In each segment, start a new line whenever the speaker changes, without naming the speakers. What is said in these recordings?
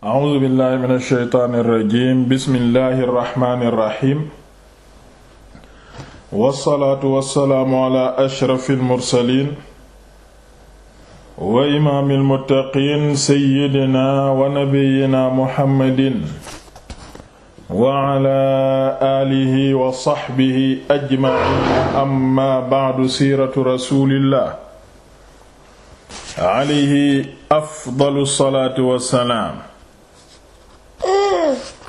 a'uuzu billahi min alsheytaani irrajim bismillahi irraxmaani irraxim wassalaatu wassalaamu ala ashrafi almursalin wa imaami almuttaqiin seyidina wa nabiyina muhammadin wa ala aalihi wa saxbihi ajmaciin amma bacdu siiratu rasulillah alayhi afdalu salaatu wassalaam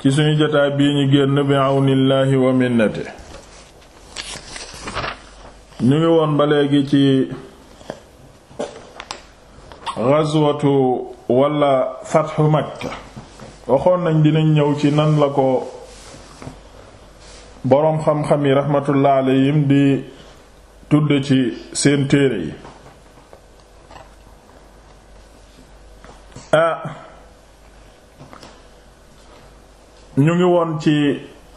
ci suñu jotaay bii ñu génn bi àwnillaahi wa minnati ñu ngi woon ba léegi ci ghazwatu walla fatxu makka waxoon nañ dinañ ñëw ci nan la ko boroom xam-xam yi raxmatullah alayhim di tudd ci seen téere yi ah, ñu ngi woon ci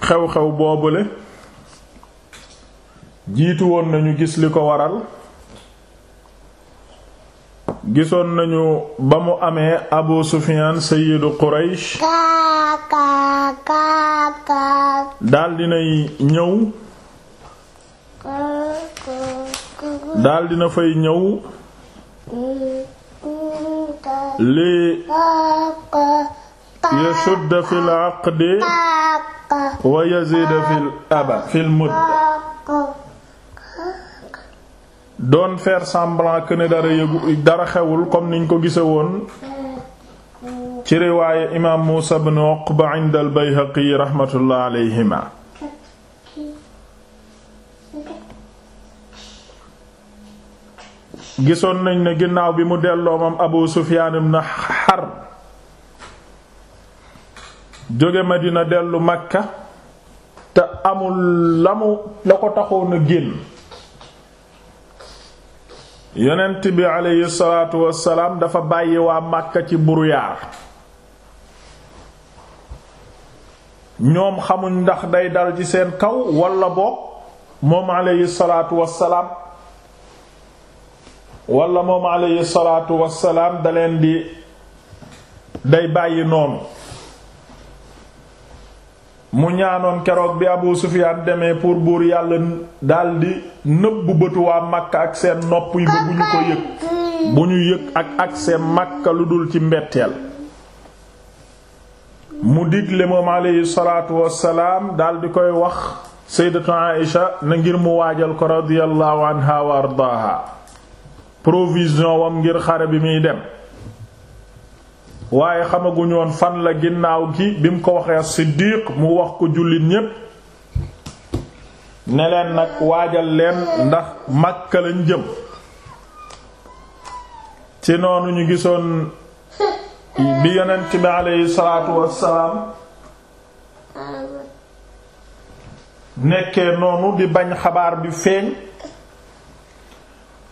xew-xew boobule jiitu woon nañu gis li ko waral gisoon nañu ba mu amee Abu Sufyan sayyidu Quraysh daldi nay ñëw daldi na fay ñëw li yashudda fil aqdi wa yazida fil aba fil mudda doon faire semblant que ne dara yëgu dara xewul comme niñ ko gise woon ci riwaaye imaam Muusa ibn Uqba inda nañ ne ginnaaw bi mu delloo moom Abu Sufyaan ibn Harb jóge Madina dellu Makka te amul lamu la ko taxoon a génn yonent bi aleyhi salaatu wassalaam dafa bàyyi waa Makka ci brouillard ñoom xamuñ ndax day dal ci seen kaw walla boog moom aleyhi salaatu wassalaam walla moom aleyhi salaatu wassalaam da di day bàyyi noonu mu ñaanoon keroog bi Abu Sufyaan demee pour buur yàlla daldi nëbbu bëtu waa Makka ak seen nopp yi ba bu ñu ko yëg bu ñu yëg ak ak seen lu dul ci mbetteel mu digle moom alayhi salaatu wassalaam daldi koy wax sayyidatu Aïsha na ngir mu waajal ko radiyallahu anha wa ardaaha provision wam ngir xare bi muy dem waaye xamaguñu fan la ginnaaw gi bi mu ko waxee siddiq mu wax ko jullit ñépp ne nag waajal leen ndax Makka jëm ci noonu ñu gisoon bi yonent bi aleyhi salaatu wassalaam nekke noonu di bañ xabaar bi feeñ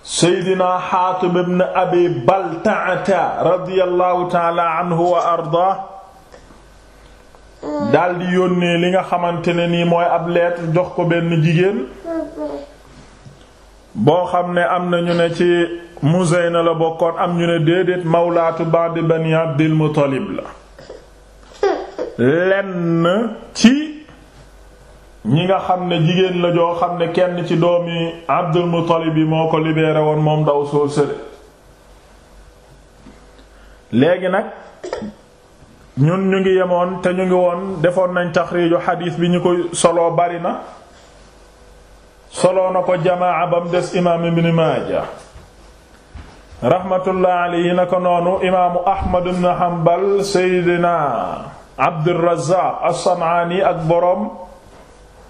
seydina xaatim ibn abi baltaata radiyallahu taala anhu wa daldi yónnee li nga xamante ne nii mooy ab leet jox ko benn jigéen boo xam ne am na ñu ne ci Muzayna la bokkoon am ñu ne déedéet mawlaatu ba'd bani abdil muttalib la lenn ci ñi nga xam ne jigéen la joo xam ne kenn ci doomi Abdul Muttalib yi moo ko libéré woon moom ndaw soo sële léegi nag ñun ñu ngi yemoon te ñu ngi woon defoon nañ taxriiju xadiis bi ñu koy soloo bari na soloo na ko jamaa bam des imaam ibn Maaja rahmatullah alayhi na ko noonu imaamu Ahmad ibn Hanbal Seydina Abdurrazaaq as-Samaani ak boroom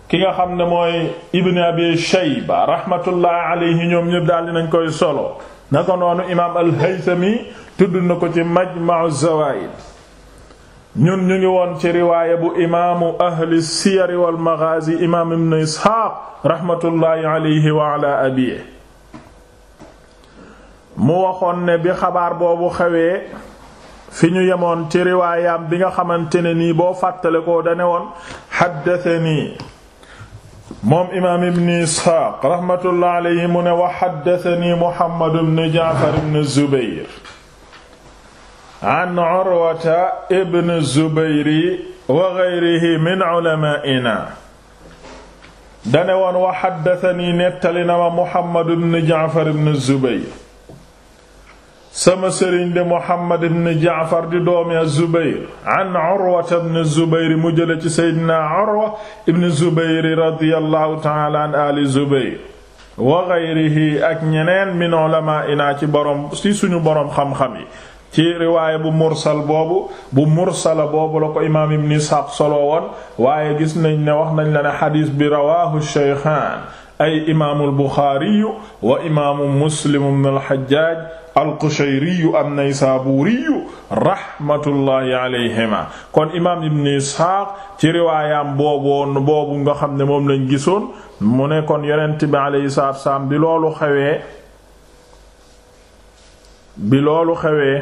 ki nga xam ne mooy ibn abi shayba rahmatullah ñoom ñëpp daal dinañ koy solo na ko noonu imaam al-haythami tudd na ko ci majma'u zawaid ñun ñu ngi woon ci riwaaya bu imaamu ahli siyar wal maghazi imaam ibn isxaaq rahmatullahi wa ala mu waxoon ne bi xabaar boobu xewee fi ñu yemoon ci riwaayaam bi nga xamante ne nii boo fàttale ko dane woon haddathani moom imaam ibni isxaaq raxmatullah alayhi mu ne wa xaddatani muhammad ibn jaafar ibn zubayr an urwata ibn zubayri wa geyrihi min ulamaa'ina dane woon wa xaddatani nettali na ma muhammad ibn jaafar ibn zubayr sama sëriñ de Muhammad ibn Jaafar di doomi az-Zubayr an Urwa ibn Zubayr mu jële ci Seydina Urwa ibn Zubayr ta'ala ali Zubayr wa ghayrihi ak ñeneen min ulama ina ci borom ci borom xam-xam yi ci riwaaya bu mursal boobu bu imaam ibn Isxaaq solo woon waaye gis nañ ne wax nañ la ne xadiis bi rawaahu shaykhaan ay imaamul Buxaari wa imaamu Muslim ibn al-Hajjaj al-Qushayri an-Naysaburi rahmatullahi kon imaam Ibn Ishaq ci riwaayam boobu boobu nga xam ne moom lañ gisoon mu ne kon yonent bi alayhi salaatu salaam bi loolu xewee bi loolu xewee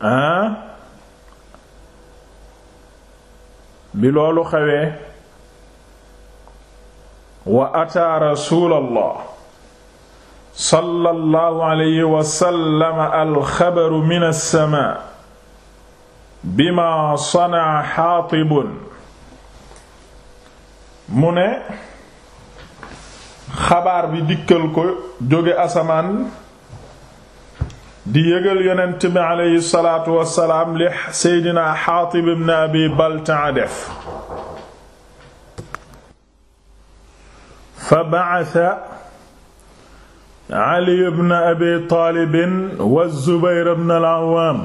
ah bi loolu xewee wa ataa rasuulallah sallallahu alayhi wa sallam alxabaru min as-samaa bimaa sanaa xaatibun mu ne xabaar bi dikkal ko jóge asamaan di yëgal yonent bi aleyhi salaatu wassalaam li seydina xaatib ibn abi baltaa def fa ba'atha Ali ibn Abi Taalib wa Zubayr ibn al-Awwaam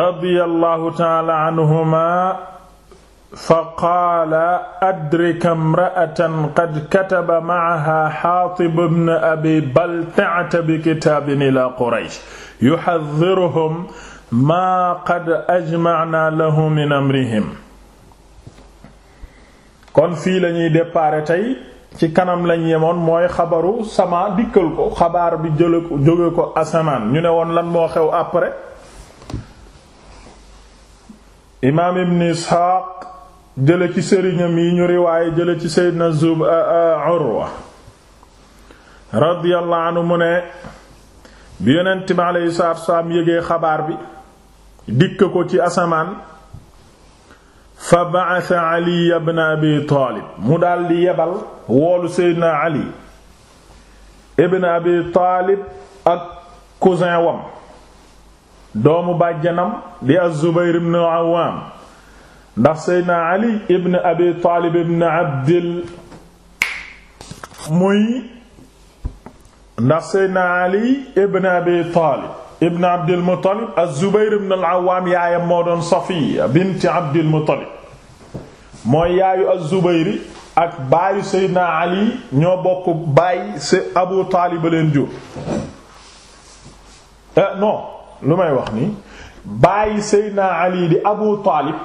radiyallahu ta'aala anhumaa faqaala adrik imra'atan qad kataba ma'aha Haatib ibn Abi Balta'a bi kitaabin ilaa Quraysh yuhadhdhiruhum maa qad ajma'naa lahu min amrihim kon fii lañuy ñuy tey ci kanam lañ yemoon mooy xabaru sama dikkal ko xabaar bi jële ko jóge ko asamaan ñu ne woon lan moo xew après imaam ibn Isxaaq jële ci sëriñam yi ñu riwaaye jële ci Seydina Zub Urwa radiyallahu anhu bi yonent bi alayhi salaatu wa salaam yëgee xabaar bi dikk ko ci asamaan fa ba'atha ali ibn abi taalib mu daldi yebal woolu seydina ali ibn abi taalib ak cousin wam doomu bàjjanam di az-zubayr ibn awaam ndax seydina ali ibn abi taalib ibn abdil muy ndax seydina ali ibn abi taalib ibn Abdul Muttalib az-Zubayr ibn al yaayam moo doon Safiya bint Abdul Muttalib mooy yaayu az-Zubayr ak baayu Seydina Ali ñoo bokk baay Abu Taalib leen jur eh, non lu may wax nii baayu Seydina Ali di Abu Taalib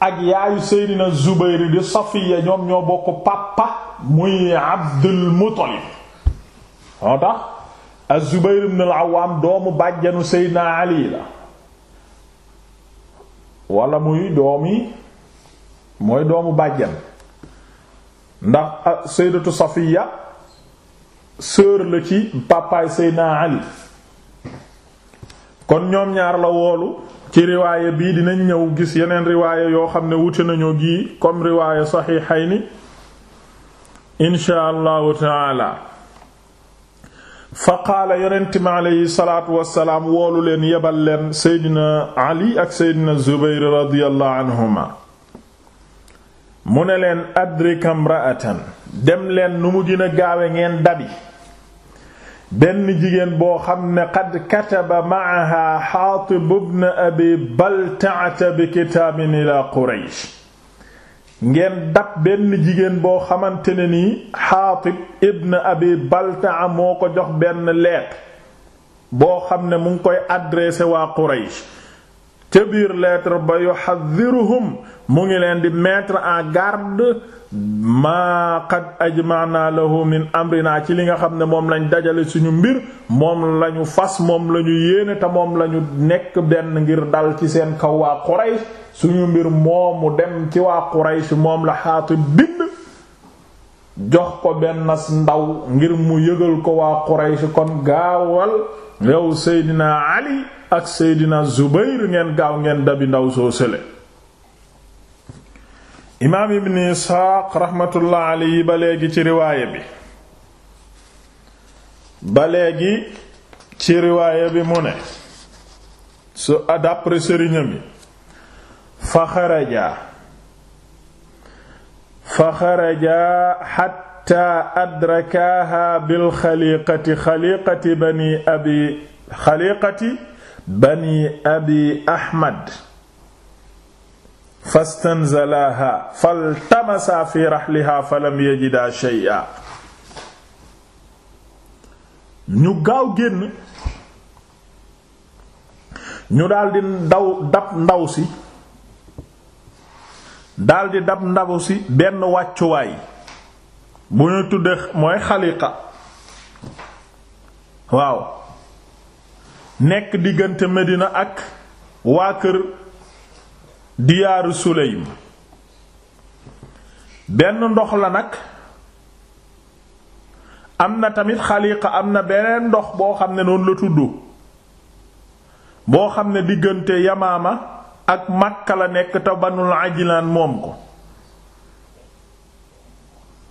ak yaayu Seydina Zubayr di Safiya ñoom ñoo bokk papa muy Abdul Muttalib moo tax az-Zubayr ibn doomu bàjjanu Seydina Ali la wala muy doomi mooy doomu bàjjan ndax ah, Sayyidatu Safiya sœur la ci papaay Seydina Ali kon ñoom ñaar la woolu ci riwaaya bii dinañ ñëw gis yeneen riwaaya yoo xam ne wute nañu gi comme riwaaya saxiixayni insha allahu taala fa qaala yonent mi aleyhi salaatu wassalaam woolu leen yebal leen seydina ali ak seydina zubayr radiyallahu anhuma mu ne leen adrikam ra'atan dem leen nu mu dina gaawe ngeen dabi benn jigéen boo xam ne qad kataba ma'aha xaatib ibn abi balta'ata bi kitaabin ila quraysh ngeen dab benn jigéen boo xamante ne nii Xaatib ibn Abi Baltaa moo ko jox benn lettre boo xam ne mu ngi koy adressé waa Quraysh ca biir lettre ba yuhadhiruhum mu ngi leen di mettre en garde maa qad ajma'na lahu min amrina ci li nga xam ne moom lañ dajale suñu mbir moom lañu fas moom lañu yéene te moom lañu nekk benn ngir dal ci seen kaw waa Quraysh suñu mbir moomu dem ci waa Quraysh moom la xaatu bind jox ko benn ndaw ngir mu yëgal ko waa Quraysh kon gaawal yow Seydina Ali ak seydina zubayr ngeen gaaw ngeen dabi ndaw soo sële imaam ibn isxaaq raxmatullah alayhi ba léegi ci riwaaya bi ba léegi ci riwaaya bi mu ne su d'après sëriñam fa xaraja fa xaraja xatta adrakaha bil xaliqati xaliqati bani abi xaliqati bani abi ahmad fastanzalaha faltamasa fi rahliha falam yajida shay'a ñu gaaw génn ñu daldi ndaw dab ndaw si daldi dab ndaw si benn wàccuwaay bu ñu tudde mooy xaliqa waaw nekk diggante Medina ak waa kër diyaaru Sulaym benn ndox la nag am na tamit xaliqa am na beneen ndox boo xam ne noonu la tudd boo xam ne diggante Yamaama ak Makka la nekk te Banul moom ko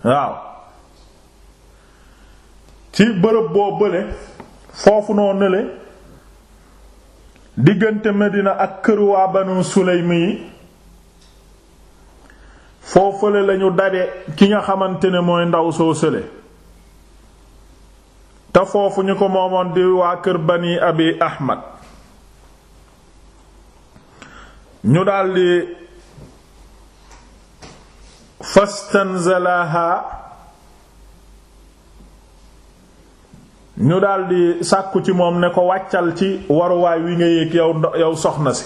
waaw ci bërëb boo bële foofu noo nële diggante Medina ak kër waa Banu Sulaym yi foofale lañu daje ki nga xamante ne mooy ndaw soo sële te foofu ñu ko moomoon di waa kër Bani Abi Ahmad ñu daldi fastanzalaha ñu daldi sàkku ci moom ne ko wàccal ci waruwaay wi nga yéeg yow soxna si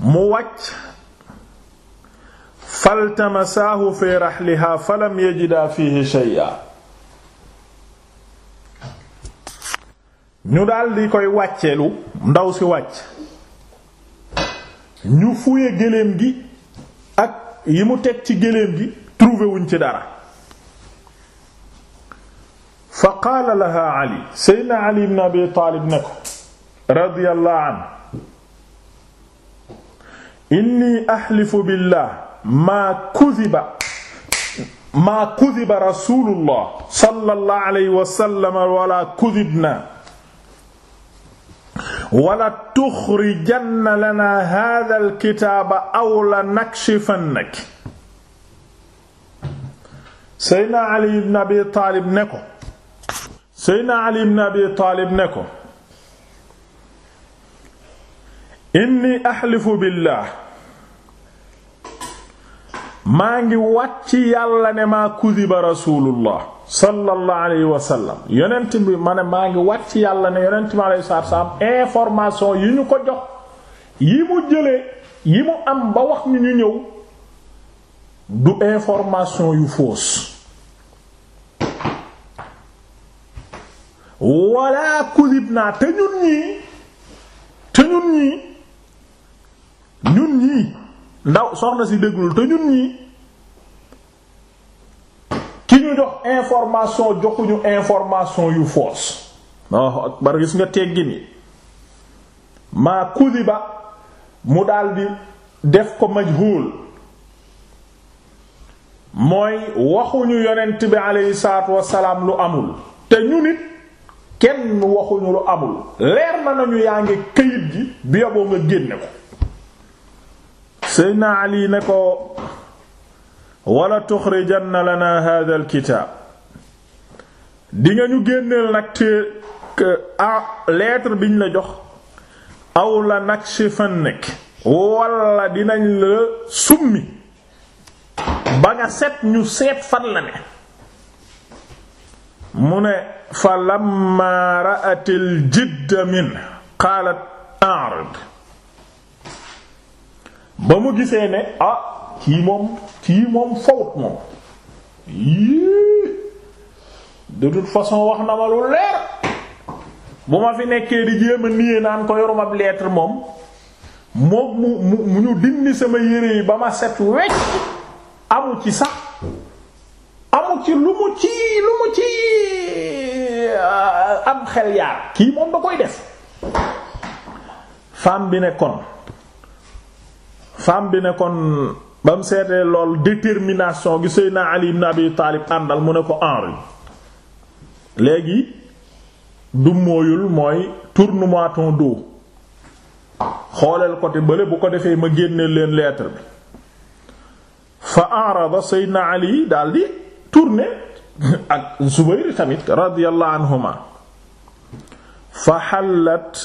mu wàcc faltamasaahu fi raxliha falam yajida fihi shay'a ñu daldi koy wàcceelu ndaw si wàcc ñu fuye géléem gi ak yi mu teg ci géléem gi trouvé ci dara fa qaala laha ali seydna ali ibn abi taalib ne ko radiyallahu an inni ahlifu billah maa kudiba maa kudiba rasulullah sallallahu alayhi wa sallam wala kudibna wala tuxrijanna lana hada alkitaaba aw la nakshifannaki seydna ali ibn abi taalib ne ko seydna ali ibn abi taalib ne ko inni axlifu billaah maa ngi wàcc yàlla ne maa kudiba rasulullah sallallahu alayhi wa sallam yonent bi ma ne maa ngi wàcc yàlla ne yonent bi alayhi salaatu wa salaam ñu ko jox yi mu jëlee yi mu am ba wax ñu ñu ñëw du information yu fausse wala kudib naa te ñun ñii te ñun ñii ñun ñii ndaw soxna si déglul te ñun ñii ki ñu jox information joxuñu information yu foos waaw akbar gis nga teggin yi maa kudiba mu daldi def ko majhul mooy waxuñu yonent bi aleyhi salaatu wasalaam lu amul te ñun it kenn waxuñu lu amul leer na nañu yaa ngi këyit gi bi yoboo nga génne ko Seydina Ali ne ko wala tuxrijanna lana hadha alkitaab dinga ñu génneel nag te lettre biñ la jox aw la nakshifannak wala dinañ la summi ba nga set ñu seet fan la ne mu ne fa lamma ra'at al jidda min qaalat a'rid ba mu gisee ne ah kii moom kii moom fawut moom yii de toute façon wax na ma lu leer bu ma fi nekkee di jéem a nié naan ko yorum ab lettre moom moom mu mu ñu dindi sama yére yi ba ma set wecc amu ci sax ci lu mu ci lu mu ci euh, am xel yaar kii moom da koy def femme bi ne kon femme bi ne kon ba mu seetee lool détermination gi Seydina Ali ibn Abi Taalib àndal mu ne ko enri léegi du mooyul mooy tournement ton dos xooleel côté bële bu ko defee ma génneel leen lettre bi fa arada Seydina Ali daldi tourné ak Zubayr tamit radiyallahu anhuma fa xallat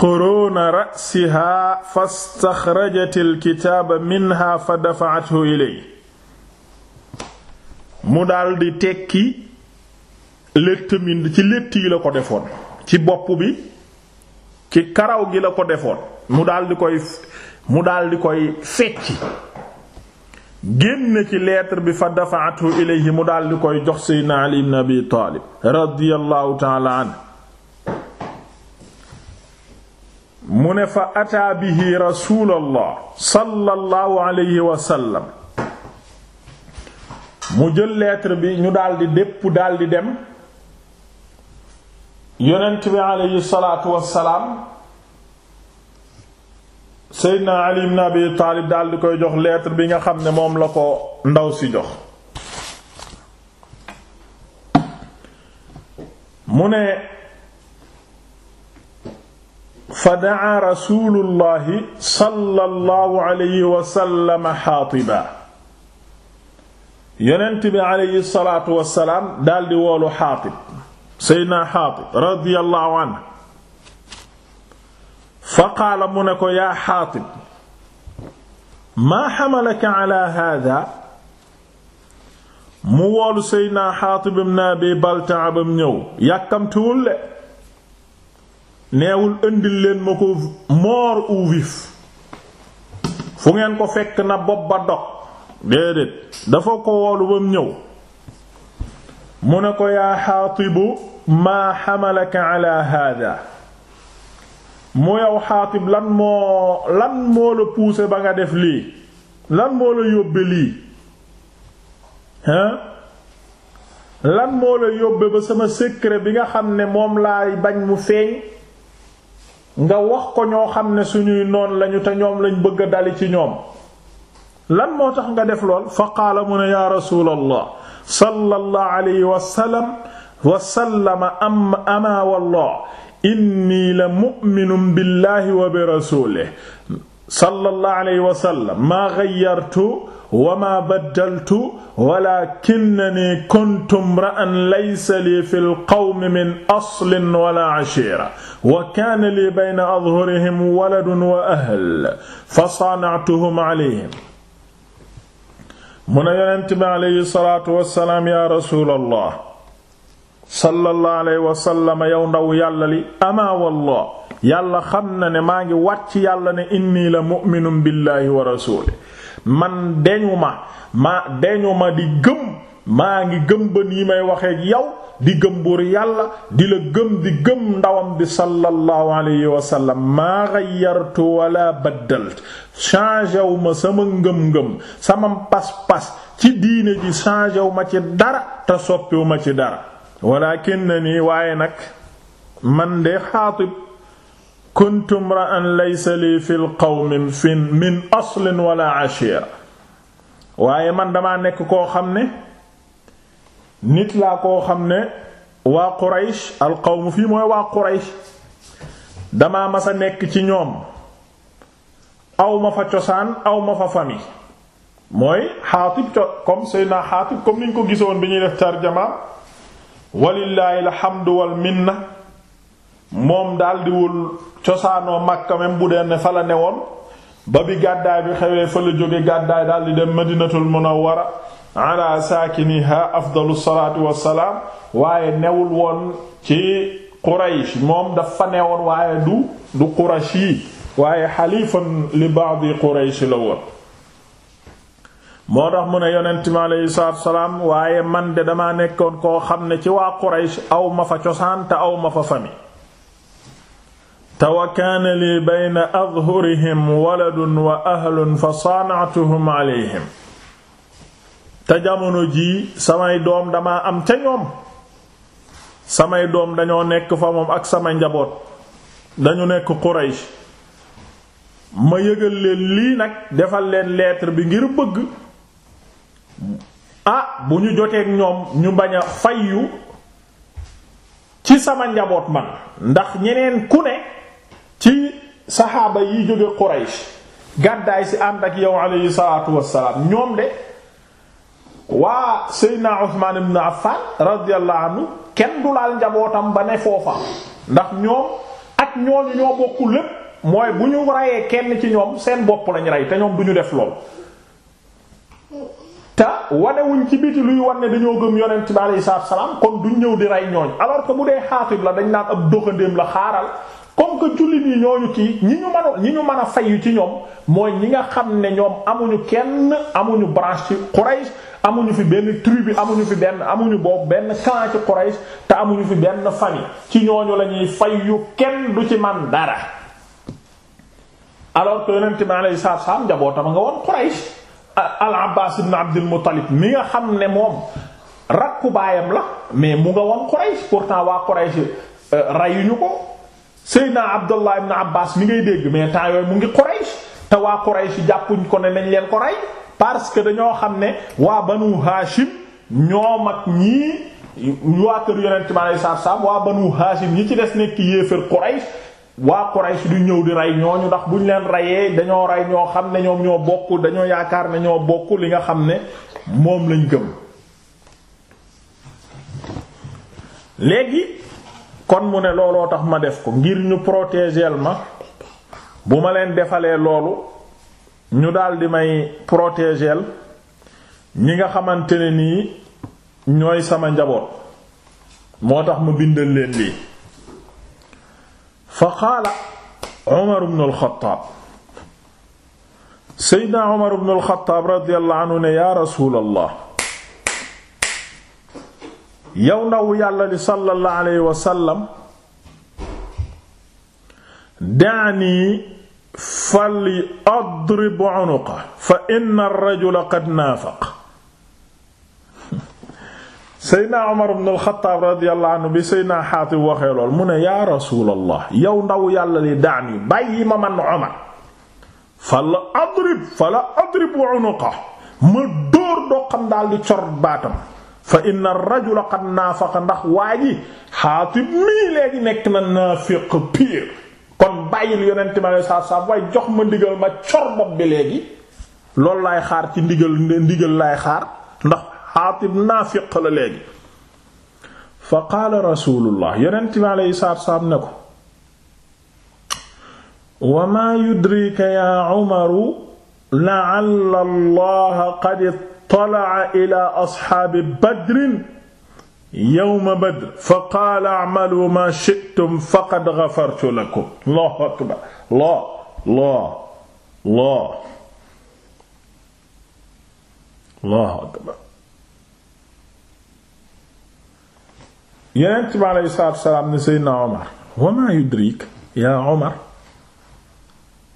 quruna ra'siha fastaxrajat alkitaaba minha fa dafa'athu ilay mu daldi tekki létt mi ci létt yi la ko defoon ci bopp bi ci karaw gi la ko defoon mu daldi koy mu daldi koy fecci génn ci lettre bi fa dafaathu ilayhi mu daldi koy jox seydna ali ibn taalib radiyallahu taala an mu ne fa ataa bihi rasuulallah sallallahu alayhi wa mu jël lettre bi ñu daldi dépp daldi dem yonent bi alayhi salaatu wassalaam Seydina Ali ibn Abi Taalib daal di koy jox lettre bi nga xam ne moom la ko ndaw si jox mu ne fa daa rasulullahi sallallahu alayhi wa sallam xaatiba yonent bi alayhi salaatu wa salaam daal di woolu xaatib Seydina xaatib radiyallahu anhu fa qaala mu ne ko yaa xaatib maa xamalaka ala hada mu woolu seydna xaatib ibn abi baltaa bam ñëw yàkkamtiwul le neewul indil leen ma ko mort ou vif fu ngeen ko fekk na bopp ba dog déedéet dafa ko woolu bam ñëw mu ne ko yaa xaatibu maa xamalaka ala hada mu yow xaatib lan moo lan moo la poussé ba nga def lii lan moo la yóbbe lii hein lan moo la yóbbe ba sama secret bi nga xam ne moom laay bañ mu feeñ nga wax ko ñoo xam ne suñuy noon lañu te ñoom lañ bëgg a dali ci ñoom lan moo tax nga def lool fa qaala mu ne yaa rasuulallah sallallahu alayhi wa sallam wa sallama am ama wallah inni la mu'minun billahi wa bi rasulihi sallallahu alayhi wa sallam maa ghayyartu wa maa baddaltu walaakinnanii kuntu imra'an laysa lii fil qawmi min aslin wala ashiira wa kaana lii bayna adhurihim waladun wa ahl fasaana'tuhum alayhim. mu ne yonent bi alayhi salaatu wa salaam yaa rasuulallah sallallahu alayhi wa sallam yow ndaw yàlla li ama yàlla xam na ne maa ngi wàcc yàlla ne inni la mu'minun billahi wa rasuli man deñu ma ma deñu ma di gëm maa ngi gëm ba yi may waxee yow di gëm buur yàlla di la gëm di gëm ndawam bi sallallahu alayhi wa sallam maa ghayyartu wala baddalt changé wu ma sama ngëm-ngëm sama pas-pas ci diine ji changé wu ma ci dara te soppiwu ma ci dara walakinnani waaye nag man de xaatib kuntu imra'an laysa li fil qawmi fin min aslin wala ashira waaye man damaa nekk koo xam ne nit laa koo xam ne waa quraysh al qawmu fii mooy waa quraysh dama masa nekk ci ñoom aw fa cosaan awma ma fa fami mooy xaatib co comme sëy naa xaatib comme niñ ko gisoon bi ñuy def tarjama walillaahi alhamdu wal minna moom daldiwul cosaanoo Makka même bu dee ne fa la ne ba bi gàddaay bi xewee fa la jóge gàddaay daldi dem madinatul munawwara ala saakiniha afdalu salaatu wassalaam waaye newul woon ci Quraysh moom dafa ne woon waaye du du Quraysh waaye xalifan li ba'di Quraysh la woon moo tax mu ne yonent mi aleyhi salaam waaye man de damaa nekkoon koo xam ne ci waa Quraysh awma fa cosaan te aw ma fa fami te wa kaana lii bayna adhurihim waladun wa ahlun fa saana'tuhum aleyhim te jamono jii samay doom dama am ca ñoom samay doom dañoo nekk fa moom ak sama njaboot dañu nekk Quraysh ma yëgal leen lii nag defal leen lettre bi ngir bëgg ah bu ñu joteek ñoom ñu bañ a fayyu ci sama njaboot man ndax ñeneen ku ne ci saxaaba yi jóge Quraysh gàddaay si ànd ak yow alayhi salaatu wassalaam ñoom de waa Seydina Usmaan ibn Affan radiyallahu anhu kenn du laal njabootam ba ne foofa ndax ñoom ak ñooñu ñoo bokku lépp mooy bu ñu rayee kenn ci ñoom seen bopp lañ rey te ñoom du ñu def lool te wanewuñ ci biti luy wan ne dañoo gëm yonent bi alayhi salaatu salaam kon duñ ñëw di rey ñooñ alors que bu dee xaatib la dañ naan ab doxandéem la xaaral comme que jullit yi ñooñu kii ñi ñu mën a ñi ñu mën a fayu ci ñoom mooy ñi nga xam ne ñoom amuñu kenn amuñu branche ci Quraysh amuñu fi benn tribu amuñu fi benn amuñu boobu benn camp ci Quraysh te amuñu fi benn famille ci ñooñu la ñuy fayu kenn du ci man dara alors que yonent bi alayhi salaatu salaam njabootam nga woon Quraysh al abbaas ibn abdul muttalib mi nga xam ne moom rakku baayam la mais mu nga woon Quraysh pourtant waa Quraysh euh, rayuñu ko seydna abdullah ibn abbas mi ngay dégg mais temps yooyu mu ngi Quraysh te waa Quraysh jàppuñ ko ne nañ leen ko rey parce que dañoo xam ne waa banu haashim ñoom ak ñii waa kër yonent mi alayhi salaam waa banu haashim ñi ci des nekk yéeféer Quraysh waa Quraysh du ñëw di rey ñooñu ndax bu ñu leen reyee dañoo rey ñoo xam ne ñoom ñoo bokk dañoo yaakaar ne ñoo bokk li nga xam ne moom lañ gëm léegi kon mu ne looloo tax ma def ko ngir ñu protéger ma bu ma leen defalee loolu ñu daldi may protéger ñi nga xamante ne nii ñooy sama njaboot moo tax mu bindal leen lii fa qaala Umar ibn al-Khattab Seydina Umar ibn al-Khattab radiyallahu anhu ne yaa rasuulallah yow ndaw yàlla li sallallahu alayhi wa sallam daani fal adrib unuqa fa inna ar-rajula qad naafaqa seydna umar ibn alxataab radiallahu anhu bi seydna xaatib waxee lool mu ne yaa rasuulallah yow ndaw yàlla li daan yi bàyyi ma man umar fa adrib fa adrib wa unuqa ma dóor doqam daal di cor baatam fa inna rajula qad naafaqa ndax waa ji xaatib mii léegi nekk na naafiq piir kon bàyyil yonente ma saa saa waaye jox ma ndigal ma cor bopp bi léegi loolu laay xaar ci ndigal ndigal laay xaar Xaatib naafiq la léegi fa qaala rasulullah yonent bi alayhi salaatu salaam ne ko wa maa yudrika yaa Umaru la'alla Allaha qad ittala'a ilaa asxaabi badrin yawma badr fa qaala a'maluu maa shi'tum faqad ghafartu lakum Allahu akbar Allah Allah Allah Allahu akbar yeneen bi aleyhi salaatu salaam ne Seydina Omar wa maa yudrik yaa Omar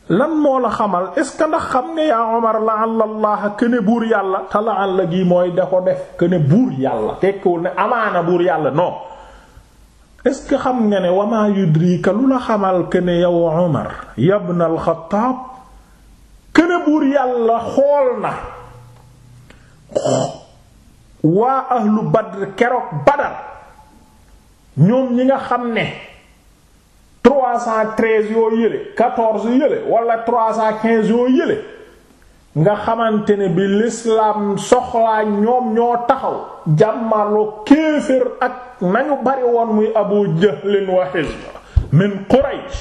lan moo la xamal est ce que ndax xam nga yaa Omar la'alla Allah këne buur yàlla te la'alla gi mooy da ko def këne buur yàlla tekkiwul ne amaana buur yàlla non est xam nga ne wa yudrika lu la xamal këne yow Omar ibn al këne buur yàlla xool na waa ahlu Badr keroog Badar. ñoom ñi nga xam ne trois yoo yële quatorze yële wala trois cent quinze yoo yële nga xamante ne bi l'islam soxlaa ñoom ñoo taxaw jàmmarloo kéefër ak nañu bari woon muy Abu Jahlin wa hizb min Quraysh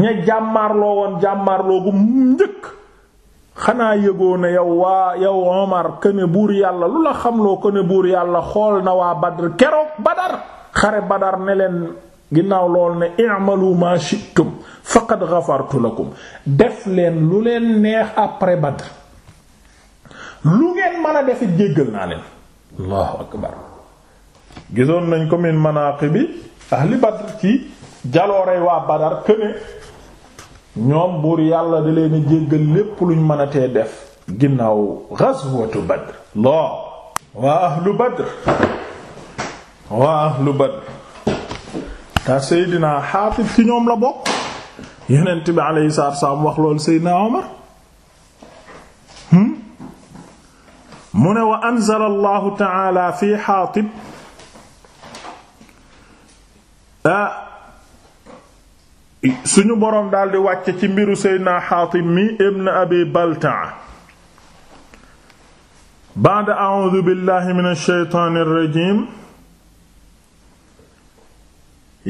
ña jàmmarloo woon jàmmarloo bu njëkk xanaa yëgoo na yow waa yow Omar këne buur yàlla lu la xamloo këne buur yàlla xool na waa Badr keroog Badar xare Badar ne ginnaaw lool ne i'malu ma shi'tum faqad ghafartu lakum def leen lu leen neex après Badr lu ngeen mën a defit jéggal naa leen allahu akbar gisoon nañ ko min manaaqibi ahli Badr ci jaloorey waa Badar këne ñoom buur yàlla da leen jéggal lépp luñ mën a tee def ginnaaw ghazwatu badr loo waa ahlu badr waa ahlu badr te seydinaa xaatib ci ñoom la bokk yonent bi alayhi salaatu wassalaam wax loolu seydinaa omar hmm? mu ne wa anzala allahu taala fi xaatib ah, suñu boroom daldi wàcc ci mbiru seydna xaatim mi ibn abi baltaa baada a'uudu billahi min ash-shaytaani ar-rajiim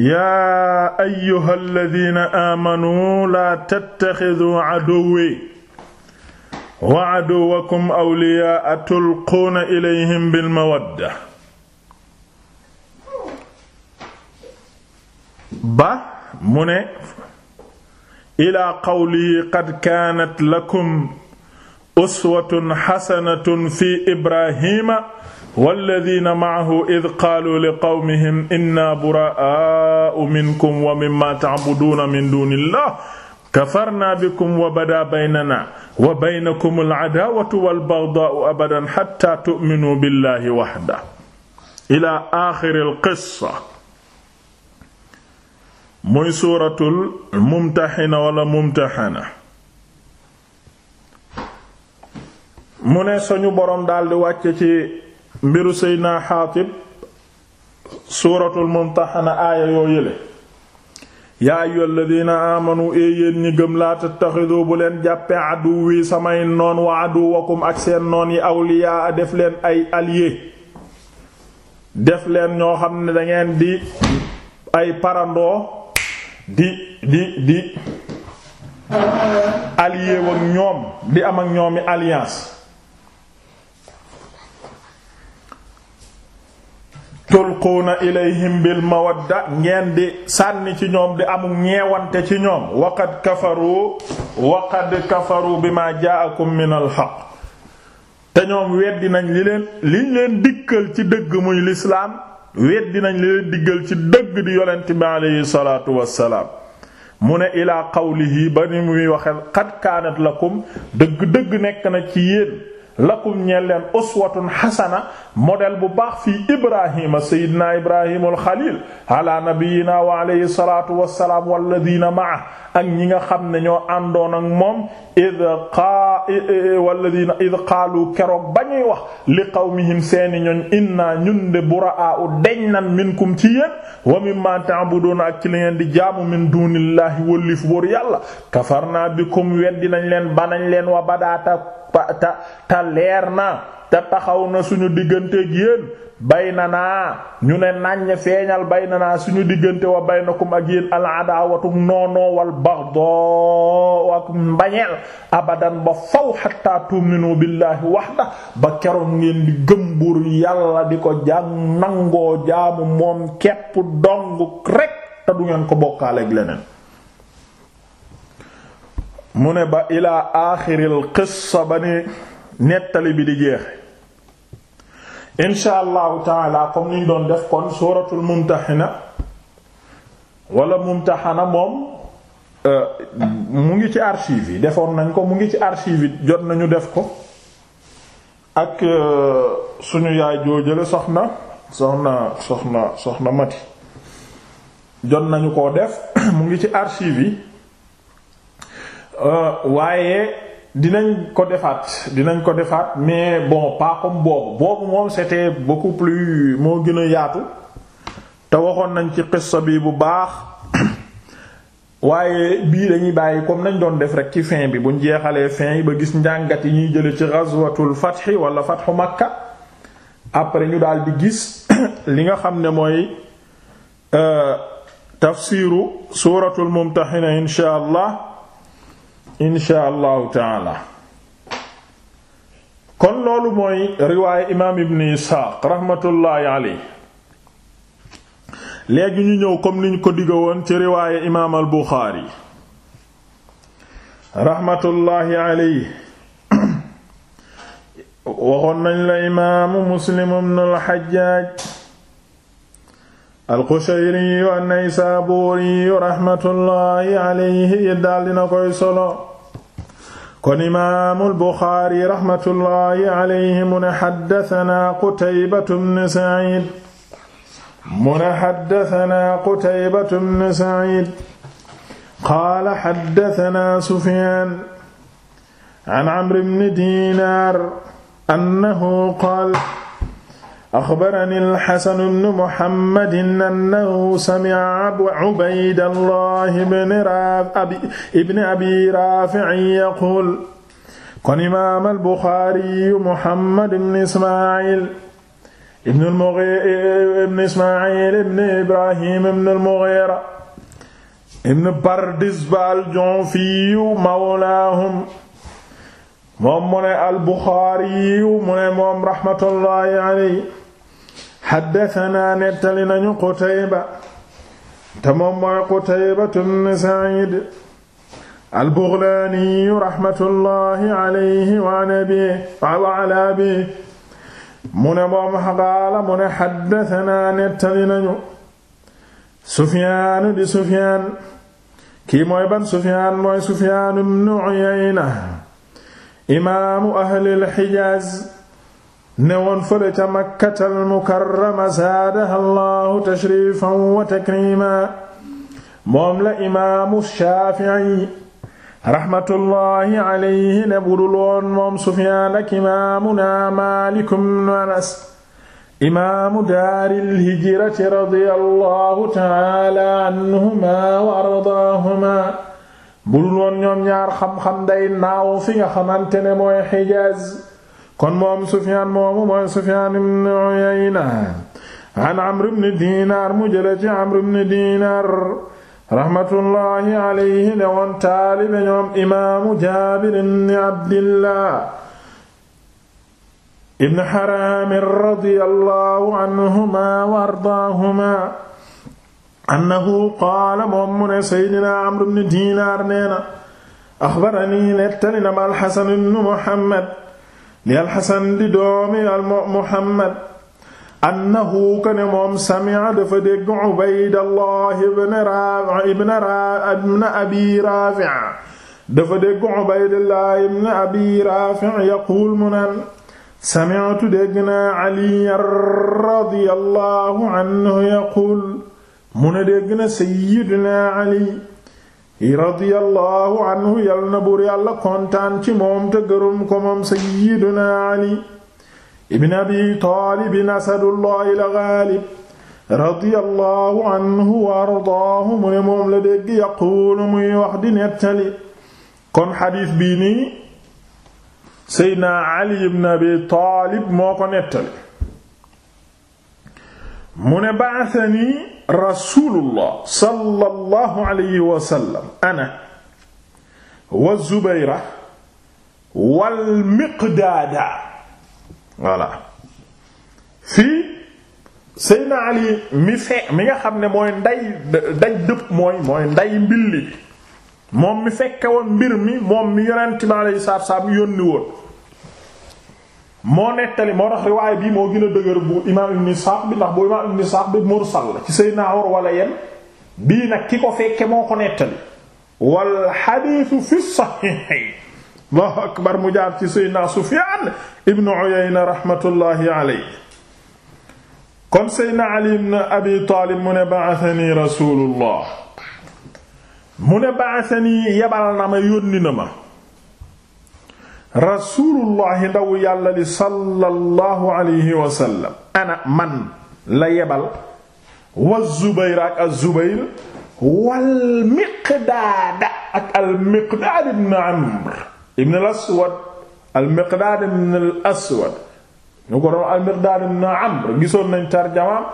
yaa ayyuha alladina aamanuu laa tattaxiduu aduwwi wa aduwwakum awliyaa tulquuna ilayhim bilmawadda ba mu ne ilaa qawli qad kaanat lakum uswatun xasanatun fi ibrahima walladina maahu id qaalu liqawmihim inna buraau minkum wa mimma tacbuduuna min duni illah kafarna bikum wa bada baynana wa baynakum alcadaawatu walbagdaau abadan xatta tu'minuu billahi waxda ila axiri alqissa muy suuratul mumtaxina wala mumtaxana mu ne suñu boroom daldi wàcce ci mbiru seydna xaatib suuratul mumtaxana aaya yoo yële yaa ayyuhal ladina amanu ee ñi gëm laa tattaxidu bu leen jàppee àddu wi samay noon wa àdduwakum ak seen noon yi awliyaa def leen ay alliés def leen ñoo xam ne dangeen di ay parandoo di di di allié ak ñoom di am ak ñoomi alliance tulquuna ilayhim bil mawadda ngeen di sànni ci ñoom di amul ñeewante ci ñoom waqad kafaru waqad kafaru bima jaakum min al haqq te ñoom weddi nañ li leen liñ leen dikkal ci dëgg muy lislaam weddi nañ leen diggal ci dëgg di yonent bi aleyhi salaatu wassalaam mu ne ilaa yi ba ni muy waxe xat kaanat lakum dëgg dëgg nekk na ci yéen lakum ñeen leen uswatun xasana modèle bu baax fii ibrahima sayidna ibrahima alxalil ala nabiyina wa alayhi salatu wasalaam walladina maa ak ñi nga xam ne ñoo àndoon moom id qa walladina id qaalu keroog ba ñuy wax li qawmihim seeni ñoñ inna ñun de bura'a u deñ nan minkum ci yéen wa mimma ta'buduna ak ci li ngeen di jaamu min dunillahi wëllif buur yàlla kafarna bikum weddi nañ leen banañ leen wa badaata pa ta ta leer na te taxaw na suñu digganteeg yéen bay na naa ñu ne nàññ feeñal bay na naa suñu diggante wa bay na kum ak yéen alaadawatum noonoo wal baxdoo ak mbañeel abadan ba faw xatta tuminu billaahi waxda ba keroon ngeen di gëm yàlla di ko jàng nangoo jaamu moom kepp dong rek te du ngeen ko bokkaaleeg leneen mu ne ba ilaa aaxiril qissa ba ni nettali bi di jeex insha allahu taala comme ni ñu doon def kon suuratul mumtaxina wala mumtaxana moom euh, mu ngi ci archive yi defoon nañ ko mu ngi ci archive yi jot nañu def ko ak euh, suñu yaay joojale soxna soxna soxna soxna mati jot nañu koo def mu ngi ci archive yi Euh, waaye dinañ ko defaat dinañ ko defaat mais bon pas comme boobu boobu moom c'était beaucoup plus moo gën a yaatu te waxoon nañ ci qissa bi bu baax waaye bii dañuy bàyyi comme nañ doon def rek ci fin bi buñ jeexalee fin yi ba gis njàngat yi ñuy jële ci ghazwatul fath wala fathu makka après ñu daal di gis li nga xam ne mooy euh, tafsiru suratul mumtahina insha allah insha allahu taala kon loolu mooy riwaaye imaam ibn isxaaq raxmatullaahi aley léegi ñu ñëw comme niñ ko digga woon ci riwaaye imaam al buxaari raxmatullaahi aley waxoon nañ la imaamu muslim ibn al xajjaaj alqushayriyu annaysaabuuriyu raxmatullaahi alayhi daal dina koy solo kon imaamul buxaari raxmatullaahi alayhi mu ne xaddatanaa qutaybatu bnu saciid mu ne xaddatanaa qutaybatu bnu saciid qaala xaddatanaa sufyaan an camri bni diinaar annahu qaala axbarani alxasan bnu muhammadin annahu sami'a ubaydallah ibni abi raafi'in yaquul kon imaam albuxaari muhammad ibn ismail ibn ismail ibn ibrahim ibn almughira ibn bardisba aljonfi mawlaahum moom mu ne albuxaari mu ne moom raxmatullahi alayhi xaddatanaa nettali nañu qutayba te moom mooy qutaybatu bnu said albughalaaniyu raxmatullahi alayhi wa ala abi mu ne moom xaala mu ne xaddatanaa nettali nañu sufyaanu di sufyaan kii mooy ban sufyaan mooy sufyaanu bnu uyayna imaamu ahlil xijaaz newoon fële ca makkatal mukarrama zaadaha allahu tashrifan wa takrima moom la imaamu shaafi'i raxmatullaahi alayhi ne budul woon moom sufyaan ak imaamuna maalikum ibnu anas imaamu daaril hijrati radiyallahu taala anhuma wa ardaahuma budul woon ñoom ñaar xam-xam day naaw fi nga xamante ne mooy xijaaz kon moom Sufyaan moomu mooy Sufyaan ibn Uyayna an Amr ibn Diinaar mu jële ci Amr ibn Diinaar rahmatullahi alayhi ne woon taalibe ñoom imaamu Jaabir ibn Abdillah ibn Haraam radiyallahu anhuma wa ardaahuma annahu qaala moom mu ne Seydina Amr ibn Diinaar nee na axbaranii nettali na ma al-Hasan ibn Muhammad di alxasan di doomi al muhammad annahu ko ne moom sami'a dafa dégg ubaydallah ibn rafi ibn ra ibn abi rafi' dafa dégg ubaydallah ibn abi rafi' yaquul mu naan sami'tu dégg naa aliyan radiyallahu anhu yaquul mu ne dégg na sayyidina ali radiyallahu anhu yal yàlla kontaan ci moom te gërëm ko moom sayyiduna ali ibn abi taalib asadullahi la gaalib radiyallahu anhu wa mu ne la dégg yaquulu muy wax di nettali kon xadiis bii nii seydna ali ibn abi taalib moo ko nettali mu ne ba'athani rasulullah sallallahu alayhi wa sallam ana wa zubayra wal miqdaada voilà fii seydna ali mi fe mi nga xam ne mooy nday daj dëpp mooy mooy nday mbilli bi moom mi fekke woon mbir mi moom mi yonent bi alayhi salaatu wa salaam yónni woon moo nettali moo tax riwaay bii moo gën a bu imaam ibn Isaaq bi ndax bu imaam ibn Isaaq bi mursal la ci Seydina Urwa bii nag ko fekke moo ko nettali wal xadiisu fi saxiixi Allahu akbar mu jaar ci Seydina Sufyaan ibn kon Seydina Ali ibn Abi Taalib mu ne ba'athani rasuulullah mu ne ba'athani yebal na ma yónni na ma rasuulullahi ndaw yàlla li sallallahu alayhi wa sallam ana man la yebal wa zubayr ak az-zubayr wal miqdaada ak al miqdaad ibn amr ibn al aswad al miqdaad ibn al aswad ñu ko doon al miqdaad ibn amr gisoon nañ tarjamaam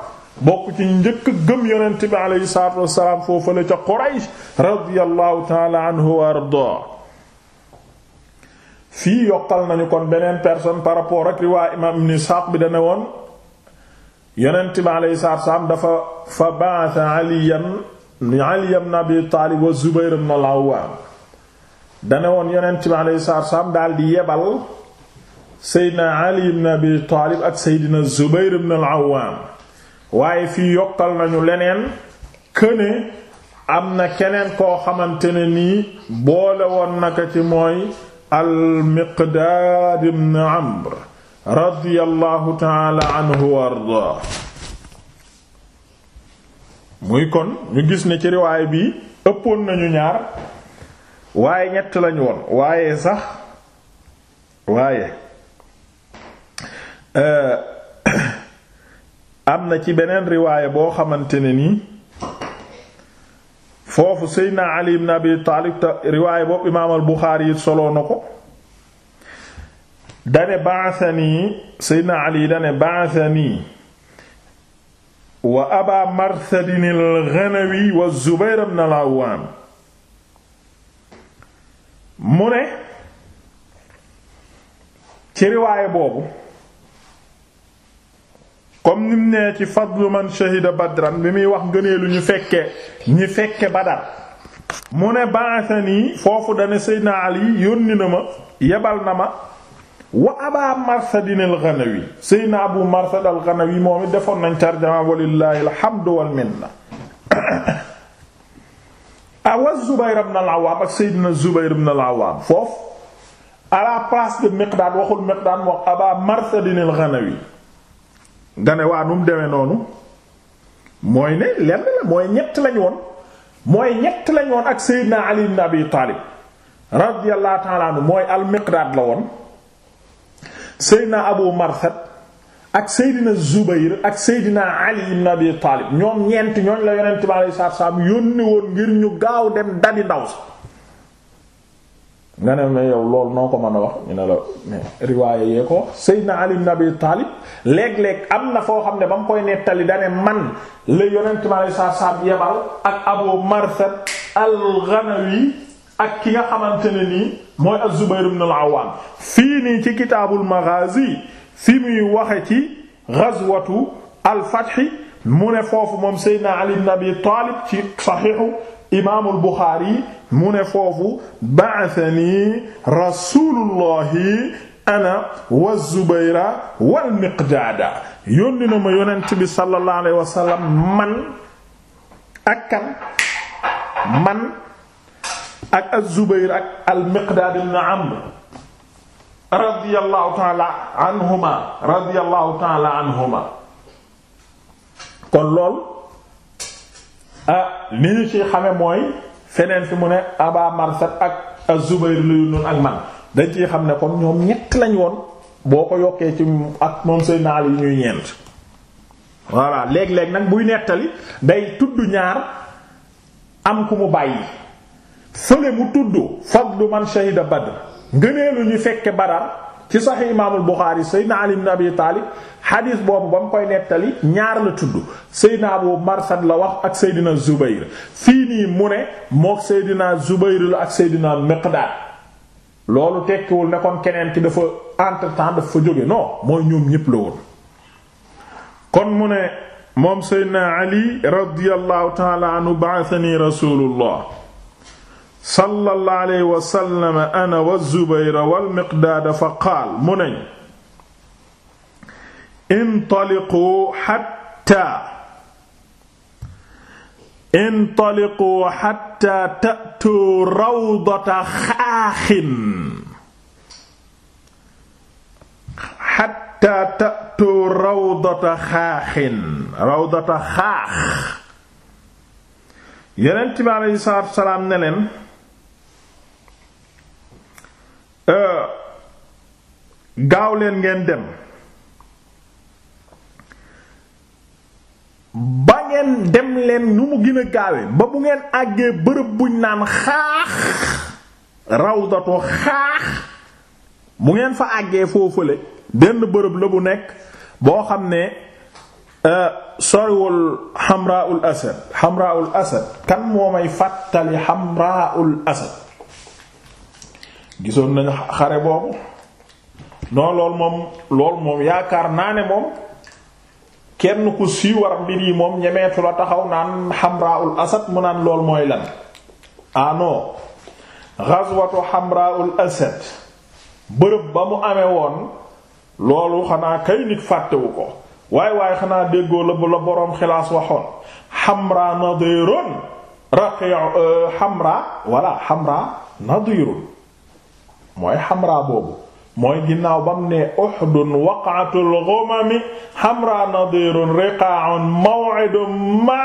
bokk ci njëkk gëm yonent bi alayhi salaatu wassalaam foofu la ca quraysh radiyallahu ta'ala anhu wa ardaa fii yokkal nañu kon beneen personne par rapport ak riwaa imaam ibn Isxaaq bi dane woon yonent bi alayhi salaatu salaam dafa fa ba'atha Aliyan Ali ibn Abi Taalib wa Zubayr ibn al-Awwaam dane woon yonent bi alayhi salaatu salaam daal di yebal Seydina Ali ibn Abi Taalib ak Seydina Zubayr ibn al-Awwaam waaye fii yokkal nañu leneen këne am na keneen koo xamante ne nii boole woon naka ci mooy al-Miqdaad ibn Amr radiyallahu ta'ala anhu ardaa muy kon ñu gis ne ci riwaay bi ëppoon nañu ñaar waaye ñett lañu woon waaye sax waaye euh, am na ci beneen riwaay boo xamante ne nii foofu seydna ali ibn abi taalib riwaay boobu imaam al buxaari yi ko dane ba'athani seydna ali dane ba'athani wa aba marthadin al ghanawi wa zubayr ibn al awwam mu ne ci riwaay boobu comme nim nee ci fadlu man shahida badran bi muy wax ngëneelu ñu fekke ñi fekke badar mu ne ba'athani foofu dane seydna ali yónni na ma yebal na ma wa aba marsadin al-ghanawi seydna abu marsad al-ghanawi moom it defoon nañ tarjama walillahi alhamdu wal minna awa zubayr ibn al-awwam ak seydna zubayr ibn al-awwam foofu à la place de miqdad waxul miqdad wax aba marsadin al-ghanawi nga ne waa nu mu demee noonu mooy ne lenn la mooy ñett lañ woon mooy ñett lañ woon ak Seydina Ali ibn Abi Taalib radiyallahu ta'ala mooy al la woon Seydina Abu Marsad ak Seydina Zubayr ak Seydina Ali ibn Abi Taalib ñoom ñeent ñooñ la yonent bi alayhi salaatu salaam yónni ngir ñu gaaw dem dadi ndaw sa nga ne ma yow loolu noo ko mën a wax ñu ne la mais riwaaya yee ko Ali ibn Abi Taalib léeg-léeg am na foo xam ne ba mu koy nettali dane man la yonent ma lay saa saab yebal ak Abu Marsad al-Ghanawi ak ki nga xamante ne nii mooy az-Zubayr ibn al-Awwam fii nii ci kitaabul Maghazi fi muy waxe ci ghazwatu al-Fath mu ne foofu moom Seydina Ali ibn Abi Taalib ci saxiixu imaamul Buxaari mu ne foofu ba'athani rasuulullahi ana wa Zubayra wal Miqdaada yónni na ma yonent bi sallallahu alayhi wa sallam man ak kan man ak az-Zubayr ak al-Miqdaad ibn Amr radiyallahu ta'ala anhuma radiyallahu ta'ala anhuma kon lool ah li ñu ci xame mooy feneen fi mu ne Aba Marsad ak Az-Zubayr luy noonu ak man dañ ciy xam ne kon ñoom ñett lañ woon boo ko yokkee ci ak moom say naal yi ñuy ñeent voilà léeg-léeg nag buy nettali day tudd ñaar am ku mu bàyyi fële mu tudd fadlu man shahida Badr ngëneelu ñu fekke Badar ci saxi imaamul Buxaari Seydina Ali ibn Abi Taalib xadiis boobu ba mu koy nettali ñaar la tudd Seydina Abu Marsad la wax ak Seydina Zubayr fii nii mu ne mook Seydina Zubayr la ak Seydina Miqdaad loolu tekkiwul ne kon keneen ki dafa entre temps fa jóge non mooy ñoom ñépp la woon kon mu ne moom Seydina Ali radiyallahu ta'ala anhu ba'athani rasulullah sallallahu alayhi wa sallam ana wa Zubayr wal Miqdaad fa qaal mu nañ intaliqu xatta intaliqu xatta ta'tu rawdata xaaxin xatta ta'tu rawdata xaaxin rawdata xaax yeneen bi aleyhi salaatu wa salaam ne leen Euh, gaaw leen ngeen dem ba ngeen dem leen nu mu gën a ba bu ngeen àggee bërëb buñ naan xaax rawdatoo xaax bu ngeen fa àggee foofale benn bërëb la bu nekk boo xam ne euh, soriwul xamraul asad xamraul asad kan moo may fàttali xamraul asad gisoon nañu xare boobu non lool moom lool moom yaakaar naa ne moom kenn ku siiwar mbir yi moom ñemeetu la taxaw naan xamraul asad mu naan lool mooy lan ano ah non ghazwatu xamraul asad bërëb ba mu amee woon loolu xanaa kay nit fàttewu ko waaye waaye xanaa déggoo la boroom xilaas waxoon xamra nadirun raqi'u xamra euh, wala xamra nadirun mooy xamraa boobu mooy ginnaaw bam ne Uhdun waqatul ghumami xamra nadirun riqa'un maw'idun ma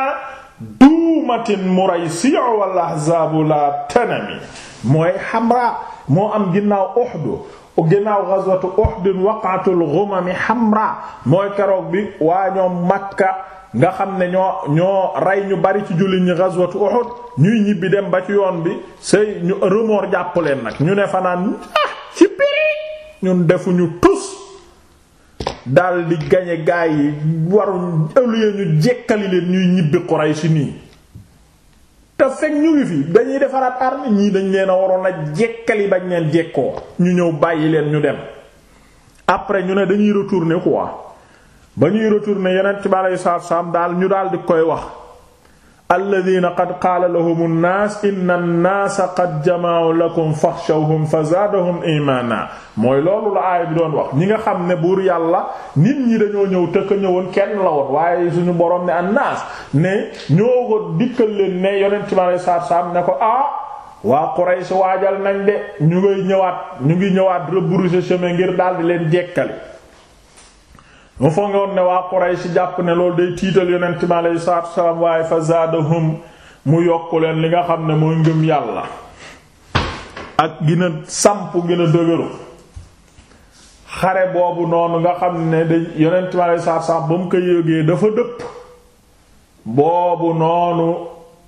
duumatin muraysi' wal ahzabu la tanami mooy xamra moo am ginnaaw Uhdu ginnaaw ghazwatu Uhdun waqatul ghumami xamra mooy keroog bi waa ñoom Makka nga xam ne ñoo ñoo rey ñu bari ci jullit ñi ghazwatu Uhud ñuy ñibbi dem ba ci yoon bi say ñu remor jàpp leen nag ñu ne fanaan ah ci péri ñun defuñu tus dal di gañe gaay yi waruñ ëllëgee ñu jekkali leen ñuy ñibbi Quraysh nii te fekk ñu ngi fi dañuy defaraat arme ñii dañ leen a waroon a jekkali bañ leen jekkoo ñu ñëw bàyyi leen ñu dem après ñu ne dañuy retourner quoi ba ñuy retourné yeneen ci balay saaf-saam daal ñu daal di koy wax alladina qad qaala lahum nnaas inna nnaasa qad jama'u lakum faxshawhum fa zaadahum imaana mooy loolu la aaya bi doon wax ñi nga xam ne buur yàlla nit ñi dañoo ñëw te ka ñëwoon kenn la woon waaye suñu borom ne annaas ne ñoo ko dikkal leen ne yonent ci balay saaf-saam ne ko ah waa Quraysh waajal nañ de ñu ngay ñëwaat ñu ngi ñëwaat rebrousser chemin ngir daal di leen jekkale mu fogoon ne waa si jàpp ne loolu day tiital yonent mi aleyhi salaatu wasalaam waaye fa zaadahum mu yokk leen li nga xam ne mooy ngëm yàlla ak gina a samp gën a dëgëru xare boobu noonu nga xam ne da yonent mi aleyhi salaatu wasalaam ba mu ko yëgee dafa dëpp boobu noonu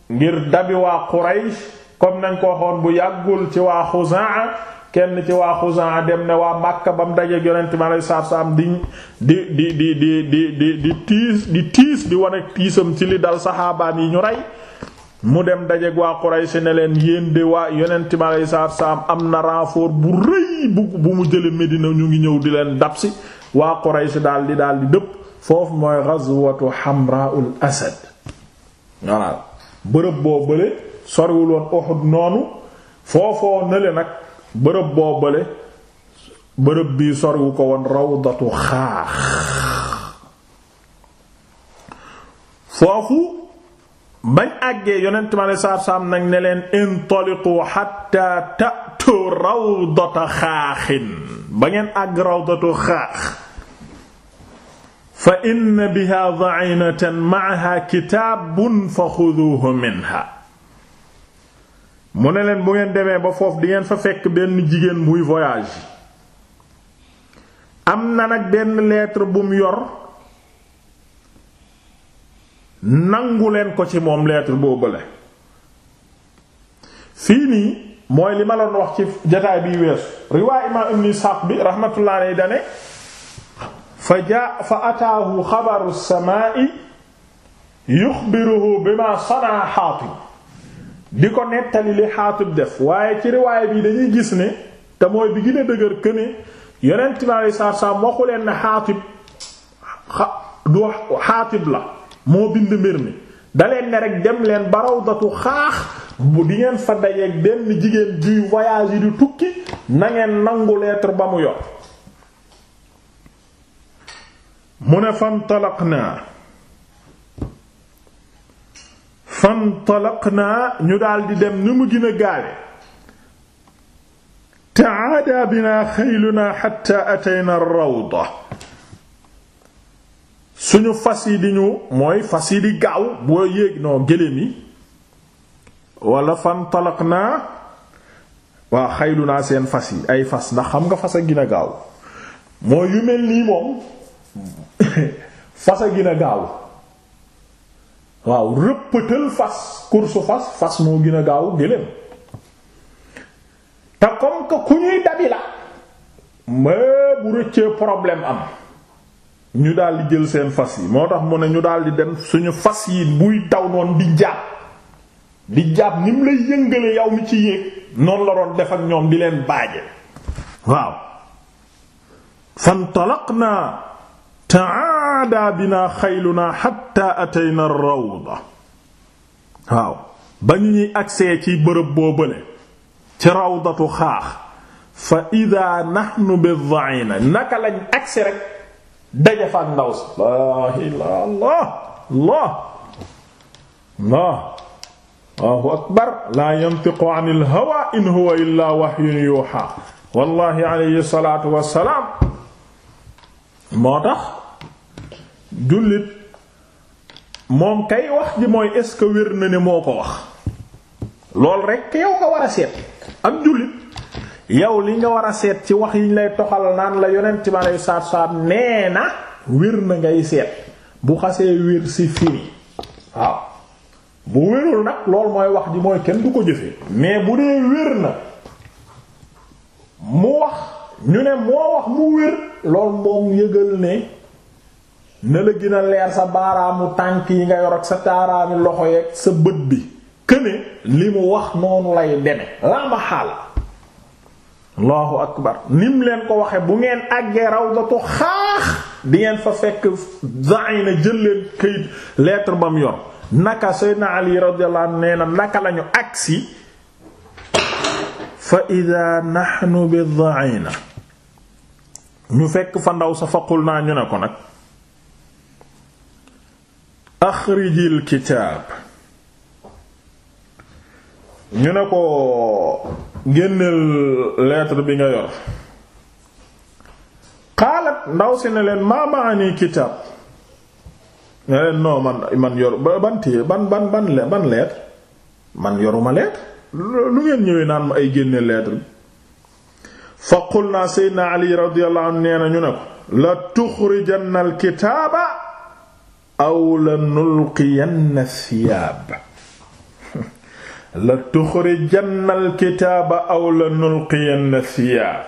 ngir dabi waa Quraysh comme nañ ko waxoon bu yàggul ci waa Xuzaa kenn ci waa Xuzaa dem ne waa Makka bam mu dajeeg yonent mi alayhi salaatu di di di di di di tiis di tiis di wane tiisam ci li dal saxaabaan yi ñu rey mu dem dajeeg waa Quraysh ne leen yéen de waa yonent mi alayhi salaatu am na renfort bu rëy bu bu mu jëlee Medina ñu ngi ñëw di leen dabsi si waa Quraysh daal di daal di dëpp foofu mooy ghazwatu Hamra'ul Asad voilà bërëb boo bële soriwul woon noonu foofoo nële nag. bërëb boobale bërëb bii sorwu ko woon rawdatu xaax foofu bañ àggee yonent ma ne saar-saam nag ne leen intaliqu hatta ta'tu rawdata xaaxin ba ngeen àgg rawdatu xaax fa inna biha dha'inatan ma'aha kitaabun fa khuduhu minha mu ne leen bu ngeen demee ba foofu di ngeen fa fekk benn jigéen muy voyage am na nag benn lettre bu mu yor nangu leen ko ci moom lettre boobale fii nii mooy li ma la wax ci jataay biy weesu riwaay imaam ibn Isxaaq bi rahmatullah alayhi dane fa jaa fa ataahu xabaru samaa'i yuxbiruhu bima sanaa Haatib di ko nettali li xaatib def waaye ci riwaay bi dañuy gis ni te mooy bi gën a dëgër que ne yonent bi alayhi waxu leen ne xaatib du xaatib la moo bind mbir mi daleen ne rek dem leen barawdatu xaax bu di ngeen fa dajeeg benn jigéen juy voyage yi di tukki nangeen nangu lettre ba mu yor mu ne fantalaq naa fantalaqnaa ñu daldi dem ni mu gën a gaawe ta'aada binaa xaylunaa xatta ataynaa ar-rawda suñu fas yi di ñu mooy fas yi di gaaw boo yéeg noo gëléem yi wala fantalaqnaa waa xaylunaa seen fas yi ay fas ndax xam nga fas a gën a gaaw mooy yu nii moom fas a gën gaaw waaw rëppatal fas kursu fas fas moo gën a gaawu gëléem te comme que ku ñuy dabi la mais bu rëccee problème am ñu daldi jël seen fas yi moo tax mu ne ñu daal di dem suñu fas yi buy taw noonu di jàpp di jàpp ni mu lay yëngale yow mi ci yéeg noonu la doon def ak ñoom di leen baaje waaw fantalaqna ta'a fa'ada bina xayluna hatta atayna ar-rawda waaw ba ñu ñuy agsee ci bërëb boobale ci rawdatu xaax fa ida nahnu bid-da'ina naka lañ agsi rek daje fa ndaw si laa ilaaha illallaah Allahu akbar laa yantiqu anil hawaa in huwa illaa wahyun yuuhaa wallaahi alayhi salaatu wassalaam moo tax jullit moom kay wax ji mooy est-ce que wér na ni moo ko wax lool rekk yow nga war a seet ak jullit yow li nga war a seet ci wax yiñ lay toxal naan la yonent ma lay saat saat nee na wér na ngay seet bu xasee wér si firi waaw bu wérul nag lool mooy wax ji mooy kenn du ko jëfee mais bu dee wér na mu wax ñu ne moo wax mu wér lool moom yëgal ne na la gën leer sa baaraamu tànk yi nga yor ak sa taaraami loxo yeeg sa bët bi këne li mu wax noonu lay deme laa ma xaala akbar nim leen ko waxee bu ngeen àggee raw rawdatu xaax di ngeen fa fekk zaina jël leen këyit lettre ba mu yor naka seydna ali radiyallahu anhu nee na naka lañu agsi fa ida nahnu bi zaina ñu fekk fa ndaw sa faqul naa ñu ne ko nag axrijil kitaab ñu ne ko génneel lettre bi nga yor xaalat ndaw si ne leen maamaani kitaab ne leen non man man yor ban téye ban ban ban ban lettre man yoruma lettre lu ngeen ñëwee naan ma ay génneel lettre bi fa qul naa seydna ali radiyallahu anhu nee na ñu ne ko la tuxrijanna al aw la nulqiyanna thiyaab la tuxrijanna alkitaaba aw la nulqiyanna thiyaab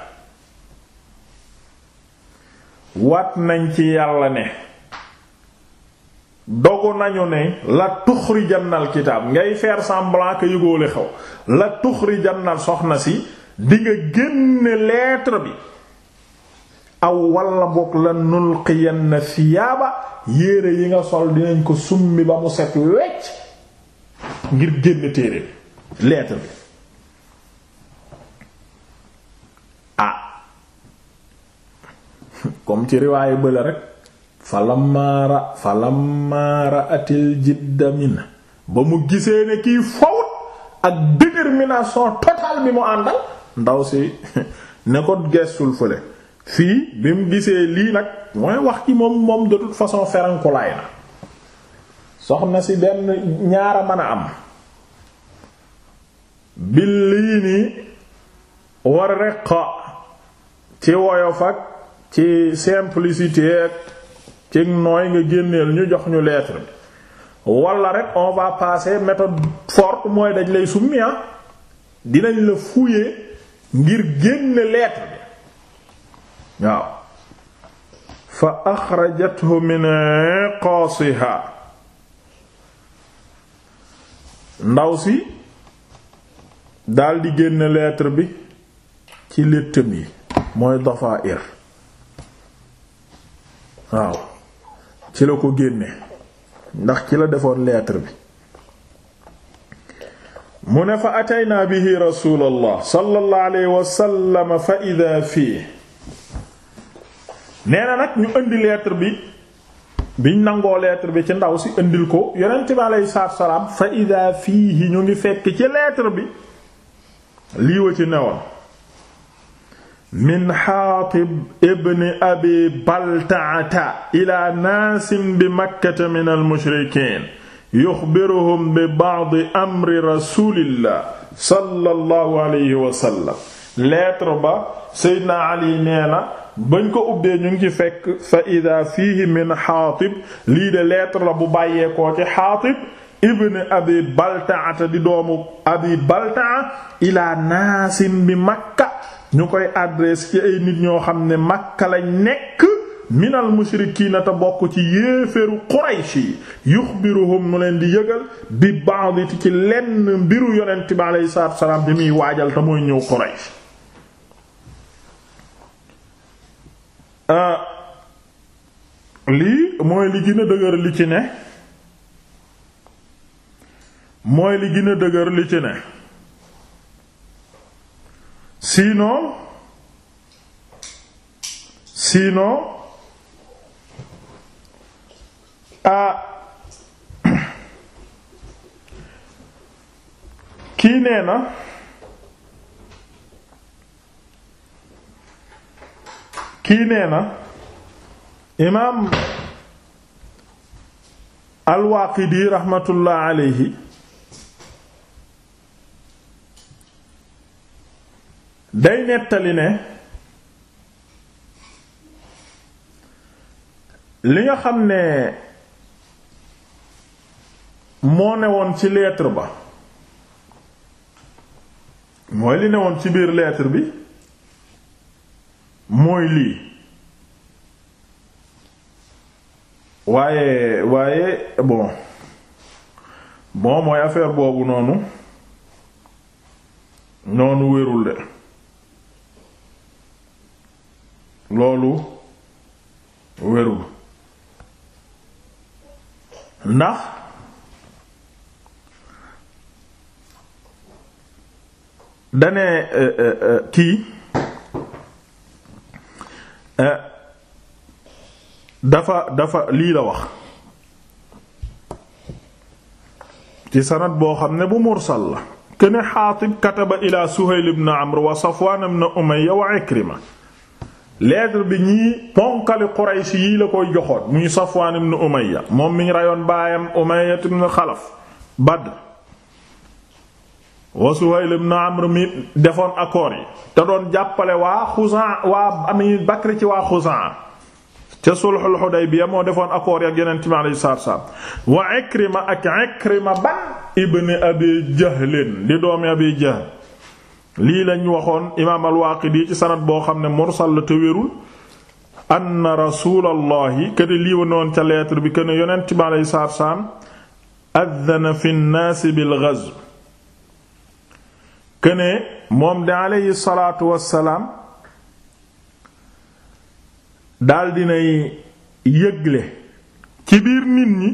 waat nañ ci yàlla ne dogu nañu ne la tuxrijanna alkitaab ngay faire semblant que yëgóole xaw la tuxrijanna soxna si dinga génne lettre bi aw walla boog la nulqiyanna thiyaaba yére yi nga sol dinañ ko summi ba mu set wecc ngir génn téere bi lettre bi ah comme ci riwaayu bële rek falammaa ra falammaa ra'atil ba mu gisee ne kiy fawut ak détermination totale bi mu àndal ndaw si ne ko geesul fële fii bi mu gisee lii nag mooy wax ci moom moom de toute façon ferankulaay na soxna si benn ñaara mën a am billiini wa riqa ci woyof ak ci simplicité ak ci nooy nga génneel ñu jox ñu lettre bi wala rek on va passer méthode mooy dañ lay summi ah. dinañ la fouiller ngir génn lettre bi waaw fa axrajathu min qaasiha ndaw si daldi génn lettre bi ci léttam yi mooy dafaa'ir waaw ci la ko génne ndax ci la defoon lettre bi mu ne fa ataynaa bihi rasuulallah sallallahu alayhi wa sallam fa idaa fii nee na nag ñu indi lettre bi biñ nangoo lettre bi ci ndaw si indil ko yonent bi aleyhi salaatu salaam fa ida fiihi ñu ngi fekk ci lettre bi lii ci newa min xaatib ibn abi baltaata ila naasin bi makkata min almushrikiin yuxbiruhum bi ba'di amri rasulillah sallallahu alayhi wa sallam ba seydna ali nee bañ ko ubbee ñu ngi ci fekk fa ida fihi min xaatib lii de lettre la bu bàyyeekoo ci xaatib ibn abi baltaata di doomu abi baltaa ila naasin bi makka ñu koy adresse ci ay nit ñoo xam ne makka lañ nekk minal mushrikiina te bokk ci yéeféeru qurayshi yuxbiruhum mu leen di yëgal bi ba'diti ci lenn mbiru yonent bi alayhi salaatu wa salaam bi muy waajal te mooy ñëw quraysh Euh, lii mooy li gën a dëgër li ci ne mooy li gën a dëgër li ci ne sinon sinon a ah, kii nee na kii nee na imaam al-Waaqidi raxmatullah alayhi day nettali ne li nga xam ne moo newoon ci lettre ba mooy li newoon ci biir lettre bi mooy lii waaye waaye bon bon mooy affaire boobu noonu noonu wérul de loolu wérul ndax dane eh, eh, eh, kii Eh, dafa dafa lii la ci sanad boo xam ne bu mursal la kene xaatib kataba ila Suhayl ibn wa Safwan ibn Umayya wa Ikrima lettre bi ñii ponkali Quraysh yii la koy joxoon muy Safwan ibn Umayya moom mi ñu rayoon baayam Umayya ibn Xalaf Badr wa Suhayl ibn Amr mi defoon accord yi te doon jàppale waa Xuzaa waa ami Bakr ci waa Xuzaa ca sulhul Hudaybiya moo defoon accord yi ak yeneen mi alayhi salaatu salaam wa Ikrima ak Ikrima ban ibn Abi Jahlin di doomi Abi Jahl lii lañ waxoon imaam al-Waaqidi ci sanad boo xam ne mursal la te wérul anna rasulallahi kene lii wa ca lettre bi kene yonent mi alayhi salaatu salaam addana fi nnaasi bil ghazw këne moom de aleyhi salaatu daldi nay yëgle ci biir nit ñi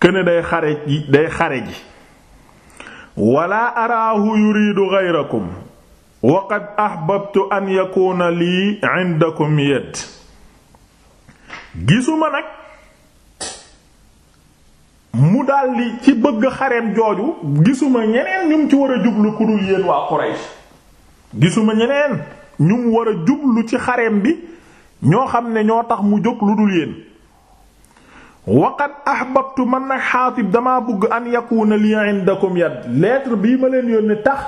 këne day xare ji day xare ji wala araahu yuridu ghayrakum wa qad ahbabtu an yakuna lii indakum yad gisuma nag mu daldi ci bëgg xareem jooju gisuma ñeneen ñum ci war a jublu ku dul yéen waa Quraysh gisuma ñeneen ñum war a jublu ci xareem bi ñoo xam ne ñoo tax mu jóg lu dul yéen waqad ahbabtu man nag Xaatib damaa bëgg an yakuna li indakum yad lettre bii ma leen yónni tax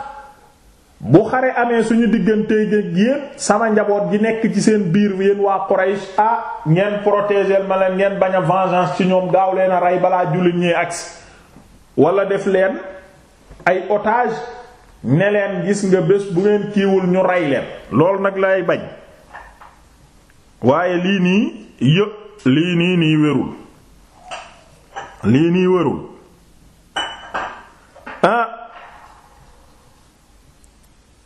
bu xare amee suñu diggante géej yéen sama njaboot gi nekk ci seen biir yéen waa Quraysh ah ngeen protéger ma leen ngeen bañ a vengeance ci ñoom daaw leen a rey balaa jullit ñee agsi wala def leen ay otage ne leen gis nga bés bu ngeen kiiwul ñu rey leen loolu nag lay bañ waaye lii nii yë lii nii nii wérul lii nii wérul ah,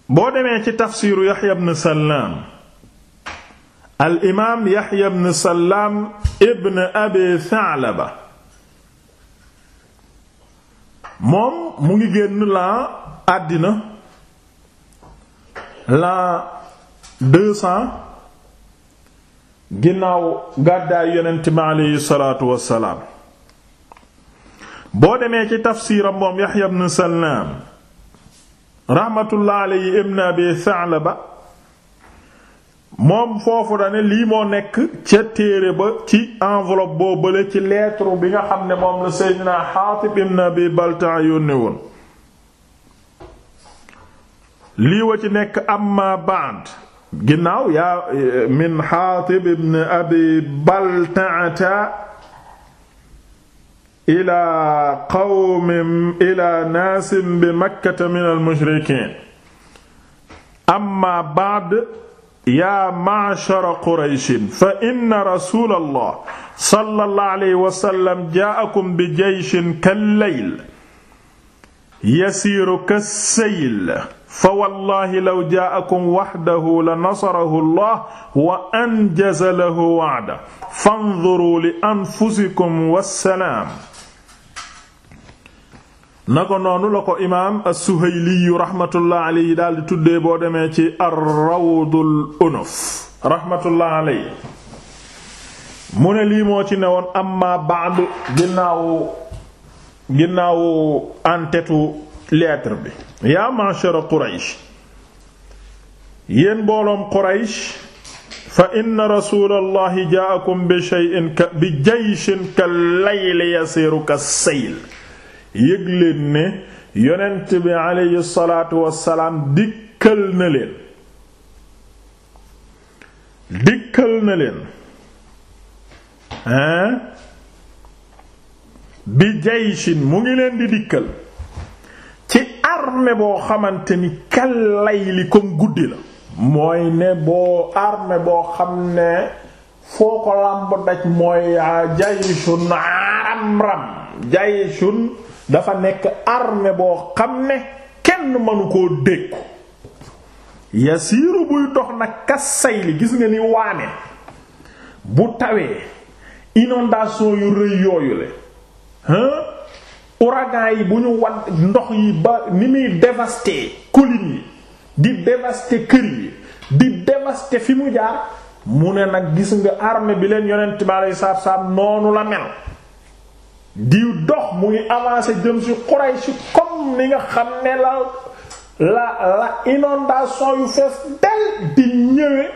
boo demee ci tafsiru yaxya ibn salaam al imaam yaxya ibn salaam ibn abi thalaba moom mu ngi génn la àddina la deux ginnaaw gàddaay yonent bi aleyhi salaatu wassalaam boo demee ci tafsiram moom yaxya ibn salaam rahmatullah alayhi ibn abi Sa'laba moom foofu dane lii moo nekk ca téere ba ci enveloppe boo bële ci lettre bi nga xam ne moom la Seydina Xaatib ibn abi Baltaa yónne woon lii wa ci nekk amma ba'd ginnaaw yaa min Xaatib ibn abi Baltaa ilaa qawmin ilaa naasin bi makkata min almushrikiin amma ba'd yaa ma'shara qurayshin fa inna rasuulallah sallallahu alayhi wa sallam jaa'akum bi jayshin kallayl yasiiru kassayl fa wallaahi law jaa'akum wahdahu lanasarahu allah wa anjaza lahu wa'dahu fanzuruu li anfusikum wassalaam na ko noonu la ko imaam as-Suhayli rahmatullah alayhi daal di tuddee boo demee ci ar-Rawdul Unuf rahmatullah alayhi mu ne lii moo ci ne woon amma ba'du ginnaawu ginnaawu en-tête bi yaa ma'shara Quraysh yéen mbooloom Quraysh fa inna rasulallahi ja'akum bi shay'in ka bi jayshin kal layli yasiru kas-sayl yëg leen ne yonent bi aleyhi salaatu dikkal na leen dikkal na leen hein bi jayshin mu ngi leen di dikkal ci armée boo xamante ni kallay li comme guddi la mooy ne boo armée boo xam ne foo ko làmb daj mooy ah, jayshin aramram jayshin dafa nekk arme boo xam ne kenn mënu koo dékku yasiiru buy dox nag kas sayli gis nga ni waame bu tawee inondation yu rëy yooyu le hein ouragan yi bu ñu wadd ndox yi ba ni muy dévaster collines yi di dévaster kër yi di dévaster fi mu jaar mu ne nag gis nga armée bi leen yonent bi aleyhi salaatu noonu la mel di dox muy ngi avancer jëm ci Quraysh comme ni nga xam ne la la la inondation yu fees del di ñëwee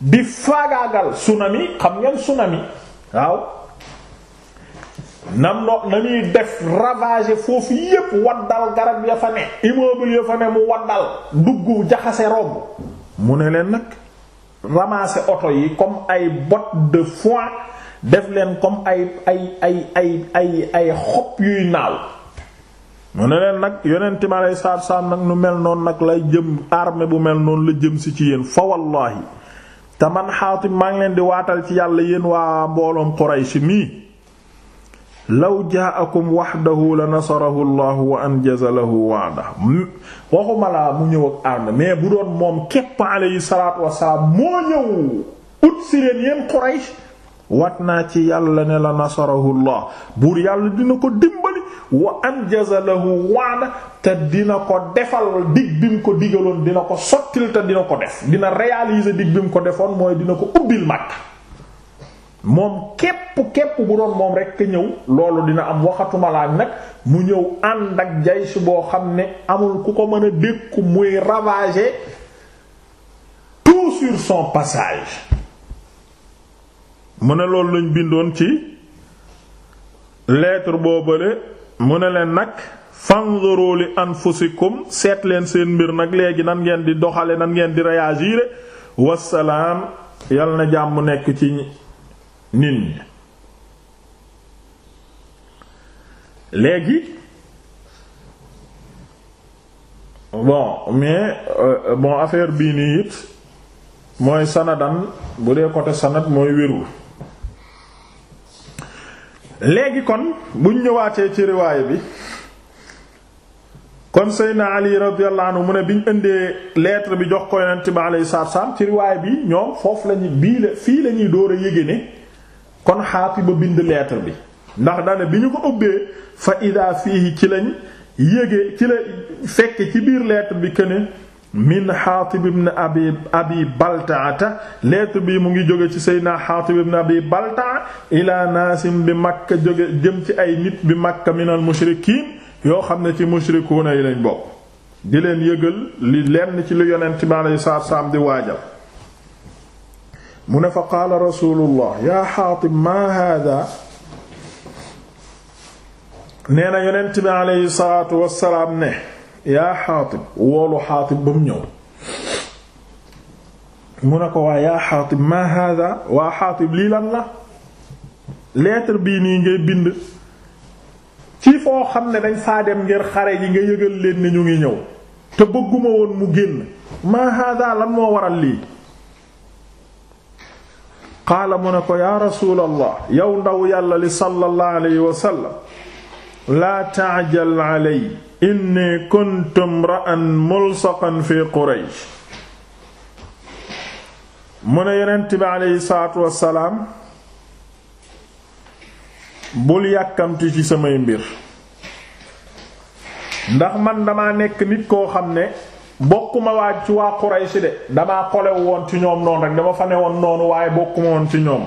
di faagaagal tsunami xam ngeen tsunami waaw nam no na ñuy def ravager foofu yépp waddal garab ya fa ne immeuble ya fa ne mu waddal dugg jaxase romb mu ne leen nag ramasser oto yi comme ay bot de foin def leen comme ay ay ay ay ay ay xob yuy naaw mu ne leen nag yonenti mi aleyhi salaatu salaam nag nu mel noon nag lay jëm armée bu mel noonu la jëm si ci yéen fa wallaahi te man Xaatib maa ngi leen di waatal ci yàlla yéen waa mbooloom Quraysh mii law jaakum waxdahu la nasarahu allahu wa anjaza lahu wa'dahu waxuma laa mu ñëw ak arme mais bu doon moom képp alayhi salaatu wasalaam moo ñëw ut si leen yéen Quraysh wat naa ci yàlla ne la nasarahu allah buur yàlla dina ko dimbali wa anjaza lahu wa'da te dina ko defal dig bi mu ko digaloon dina ko sottil te dina ko def dina réaliser dig bi mu ko defoon mooy dina ko ubbil Makka moom képp képp bu doon moom rek ñëw loolu dina am waxatuma laaj nag mu ñëw ànd ak jaysh boo xam ne amul ku ko mën a dékku muy ravager tout sur son passage mu ne loolu bindoon ci lettre boobale mu ne leen nag fanzuru li anfusikum seet leen seen mbir nag léegi nan ngeen di doxale nan ngeen di réagir wassalaam yal na jàmm nekk ci nit ñi léegi bon mais euh, bon affaire bii nii it mooy sanadan bu dee côté sanad mooy wérul léegi kon buñ ñëwaatee ci riwaay bi kon Seydina Ali radiyallahu anhu mu ne biñ indee lettre bi jox ko yonent bi alayhi salaam ci riwaay bi ñoom foofu lañu bii la fii lañuy door a yége ne kon xaati ba bind lettre bi ndax dane bi ñu ko ubbee fa ida fiihi ci lañ yége ci la fekk ci biir lettre bi këne min Xaatib na abi abi baltaata lettre bi mu ngi jóge ci Seydina Xaatib ibn abi baltaa ila naasim bi Makka jóge jëm ci ay nit bi Makka minal mushrikiin yoo xam ne ci mushrikuuna yi lañ bokk di leen yëgal li lenn ci lu yonent bi alayhi salaatu salaam di waajal mu ne fa qaala rasulullah yaa xaatib maa hada nee na yonent bi aleyhi salaatu wasalaam ne yaa xaatib woolu xaatib ba mu ñëw mu ne ko waa yaa xaatib maa hada waa xaatib lii lan la lettre bii nii ngay bind ci foo xam ne dañ faa dem ngir xare yi nga yëgal leen ni ñu ngi ñëw te bëgguma woon mu génn maa hada lan moo waral lii qaala mu ne ko yaa rasuulallah yow ndaw yàlla li sallallahu alayhi wa laa ta'jal alay inni kuntu imra'an mulsaqan fi quraysh mu ne yonent bi aleyhi salaatu wassalaam bul yàkkamti ci samay mbir ndax man dama nekk nit koo xam ne bokkuma waa ci waa Quraysh de damaa xolew woon ci ñoom noonu rek dama fa ne woon noonu waaye bokkuma woon ci ñoom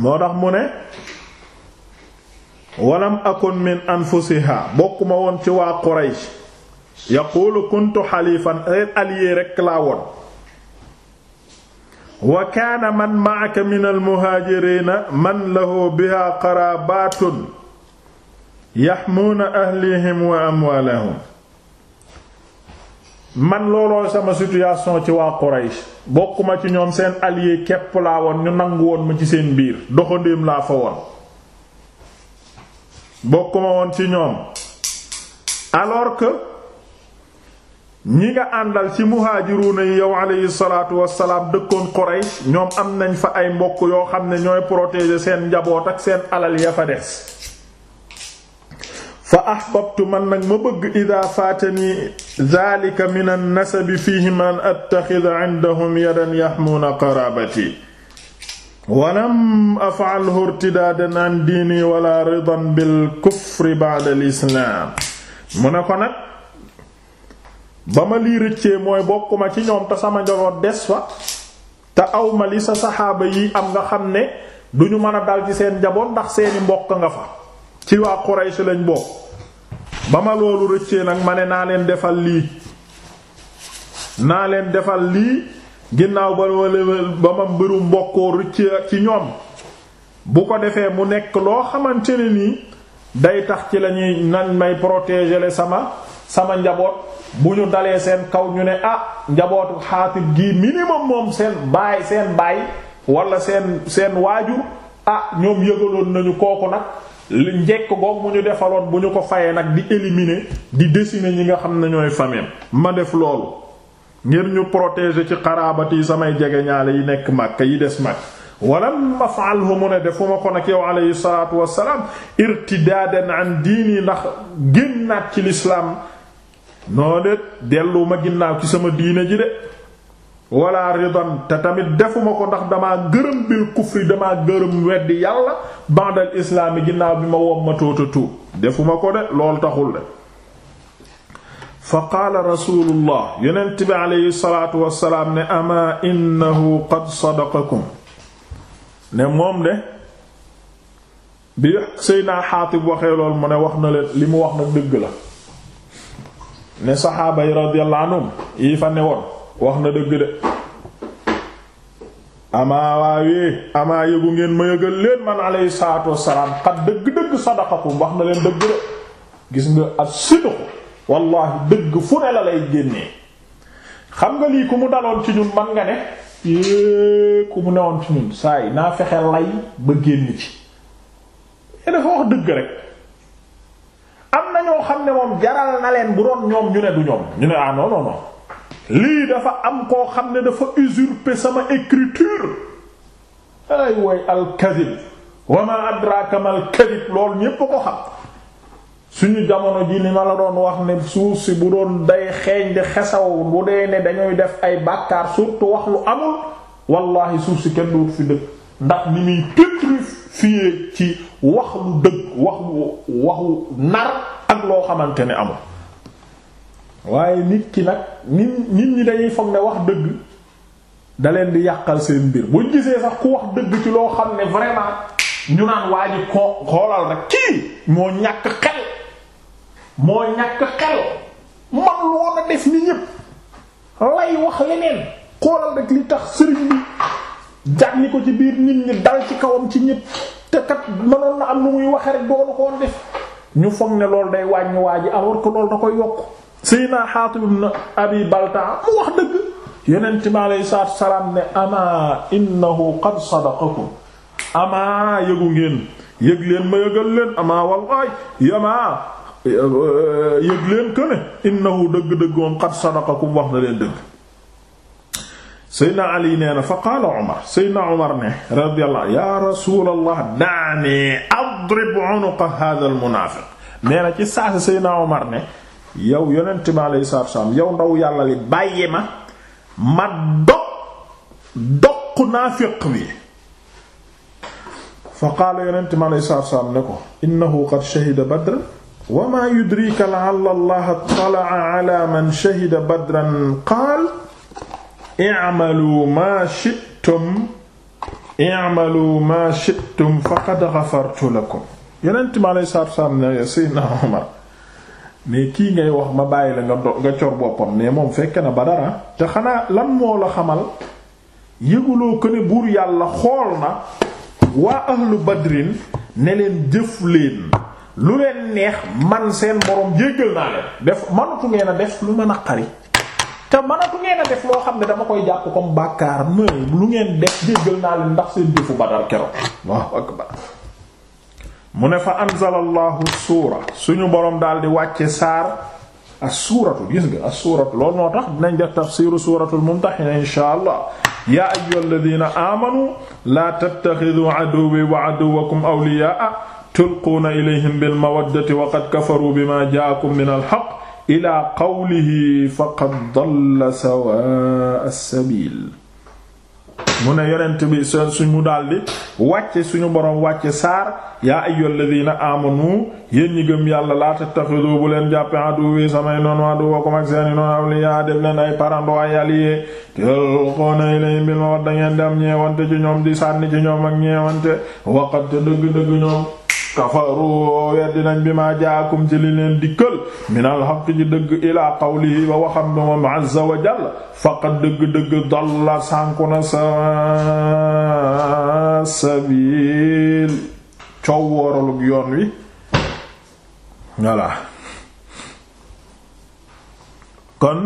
moo tax mu ne walam akun min anfusiha bokkuma woon ci waa Quraysh yaqulu kuntu xalifan ren allié rek laa woon wa kaana man ma'aka min almuhaajiriina man lahu biha qarabatun yaxmuuna ahlihim wa amwaalahum man looloo sama situation ci waa Quraysh bokkuma ci ñoom seen allié kepp laa woon ñu nangu woon ma ci seen biir doxandéem laa fa woon bokkuma woon ci ñoom alors que ñi nga àndal ci muhaajiruuna yi yow alayhi salaatu wassalaam dëkkoon Quraysh ñoom am nañ fa ay mbokk yoo xam ne ñooy protéger seen njaboot ak seen alal ya fa des fa ahbabtu man nag ma bëgg ida faatani dhalika min an-nasabi fihim an attakhidha 'indahum yadan yahmuna qarabati wa lam af'alhu irtidadan 'an diini wala ridan bil kufri ba'da al-islam ko nag ba ma lii rëccee mooy bokkuma ci ñoom te sama njaboot des fa te awma li sa saxaaba yi am nga xam ne duñu mën a dal ci seen njaboot ndax seeni mbokk nga fa ci waa Quraysh lañ boo ba ma loolu rëccee nag ma ne naa leen defal lii naa leen defal lii ginnaaw ba ba ma mbiru mbokkoo rëccee ci ñoom bu ko defee mu nekk loo xamante ne nii day tax ci lañuy nan may protégele sama sama njaboot bu ñu dalee seen kaw ñu ne ah njabootu xaatib gi minimum moom seen baay seen baay wala seen seen waajur ah ñoom yëgaloon nañu kooku nag njekk boobu mu ñu defaloon bu ñu ko fayee nag di éliminer di décimer ñi nga xam ne ñooy famille ma def loolu ngir ñu protéger ci xaraabati yi samay jege ñaale yi nekk Makka yi des Makka walam mafaalhu mu ne defuma ko nag yow alayhi salaatu wassalaam irtidaadan an diini ndax génnaat ci lislaam noo de ma ginnaaw ci sama diine ji de wala ridan te tamit defuma ko ndax damaa gërëm bil kufri damaa gërëm weddi yàlla bandal islaami ginnaaw bi ma wom ma tuub defuma ko de loolu taxul de fa qaala rasulullah yonent bi aleyhi salaatu wasalaam ne ama innahu qad sadaqakum ne moom de bi Seydina Xaatib waxee lool mu ne wax na leen li mu wax na dëgg la ne saxaaba yi radiyallahu anhum yi fa ne woon wax na dëgg de amaa waawee amaa yëgu ngeen ma yëgal leen man alayhi salaatu wassalaam xat dëgg-dëgg sadaqakum wax na leen dëgg de gis nga as-sidqu wallaahi dëgg fu ne la lay génnee xam nga lii ku mu daloon ci ñun man nga ne ku mu newoon ci ñun saa yi naa fexe lay ba génn ci te dafa wax dëgg rek am na ñoo xam ne moom jaral na leen bu doon ñoom ñu ne du ñoom ñu ne ah non lii dafa am koo xam ne dafa usurper sama écriture ay way alkadib wa ma adraka lool ñépp a ko xam suñu jamono ji ni ma la doon wax ne suuf si bu doon day xeeñ di xesaw bu dee ne dañuy def ay bàkkaar surtout wax lu amul wallahi suuf si kenn duut fi dëkk ndax ni muy pétrifié ci wax lu dëgg wax lu waxu nar ak loo xamante ne amul waaye nit ki nag nit nit ñi dañuy foog ne wax dëgg da leen di yàqal seen mbir buñ gisee sax ku wax dëgg ci loo xam ne vraiment ñu naan waa ji ko xoolal rek kii moo ñàkk xel moo ñàkk xel man loon a def ni ñépp lay wax leneen xoolal rek li tax sëriñ bi jànni ko ci biir nit ñi dal ci kawam ci ñépp te kat mënoon na am nu muy waxe rek doonu koon def ñu foog ne loolu day wàññi waa ji alors ko loolu da koy yokk Seydina Xaatib ibn Abi Baltaa mu wax dëgg yonent bi aleyhi salaam ne ama innahu qad sadaqakum ama yëgu ngeen yëg leen ma yëgal leen ama wallahi yamaa yëg leen que ne dëgg-dëgg moom qad sadaqakum wax na leen dëgg Seydina Ali nee fa qaala Umar Seydina Umar ne radiyallahu ya rasulallah daane adrib unuqa hadha al munaafiq nee na ci saasa Seydina Omar ne yow yonent bi alayhi salaatu wassalaam yow ndaw yàlla li bàyyi ma ma dog doq naafiq bi fa qaala yonent bi alayhi salaatu wassalaam ne ko innahu qad shahida badran wa maa yudrika la'alla allaha ittala'a ala man shahida badran qaala i'malu maa shi'tum i'malu ma shi'tum faqad ghafartu lakum yonent mi alayhi salaatu salaam ne Seydina Omar mais kii ngay wax ma bàyyi la nga do nga cor boppam mais moom fekk na ba dara ah. te xanaa lan moo la xamal yëguloo ko ne buur yàlla xool na waa ahlu badrin ne leen jëf leen lu leen neex man seen borom jéggal naa leen def manatu ngeen a def lu mën a xari te mënatu ngeen a def loo xam ne dama koy jàpp comme bàkkaar ma lu ngeen def jéggal naa leen ndax seen jëfu Badar keroog Allahu akbar mu ne fa anzala allahu suura suñu boroom daal di wàcce saar as-suuratu gis nga as-suuratu loolu moo tax dinañ def tafsiru suuratul mumtahina insha allah yaa ayyuhalladhina amanu laa tattakhidhu aduwwi wa aduwwakum awliyaa tulquuna ilayhim bil mawaddati wa qad kafaruu bimaa jaa'akum minal haqq ila qawlihi faqad dalla sawaa as-sabil mu ne yonent bi su mu daldi wàcce suñu borom wàcce saar yaa ayyul ladina amanu yéen ñi gëm yàlla laa tattaxidu bu leen jàppe adu wi samay noonu adu wakum ak seeni noonu awliya def leen ay parando ay alliés talqoona ilayhim bil mawadda ngeen di am ñeewante ci ñoom di sànni ci ñoom ak ñeewante waqat dëgg-dëgg ñoom kafaru weddi nañ bi maa jaakum ci li leen dikkal minal haqq ci dëgg ilaa qawlihi ba waxam ba moom azza wa jalla faqad dëgg-dëgg dalla sànku na sa sabil coow yoon wi voilà kon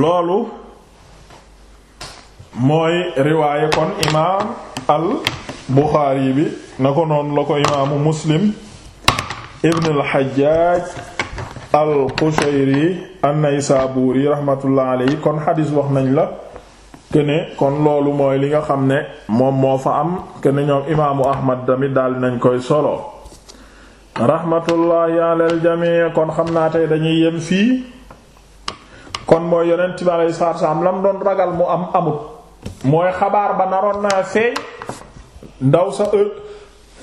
loolu mooy riwaaye kon imaam al Buxaari bi na ko noonu la ko imaamu Muslim ibn al-Hajjaj al-Qushayri an-Naysaburi rahmatullah yi kon xadis wax nañ la kene kon loolu mooy li nga xam ne moom moo fa am kene ñoom imaamu Ahmad tamit daal nañ koy solo rahmatullahi ala al-jami' kon xam naa tey dañuy yem fii kon mooy yonent bi alayhi salaatu wa salaam lam doon ragal mu am amut mooy xabaar ba naroon naa feeñ ndaw sa euh,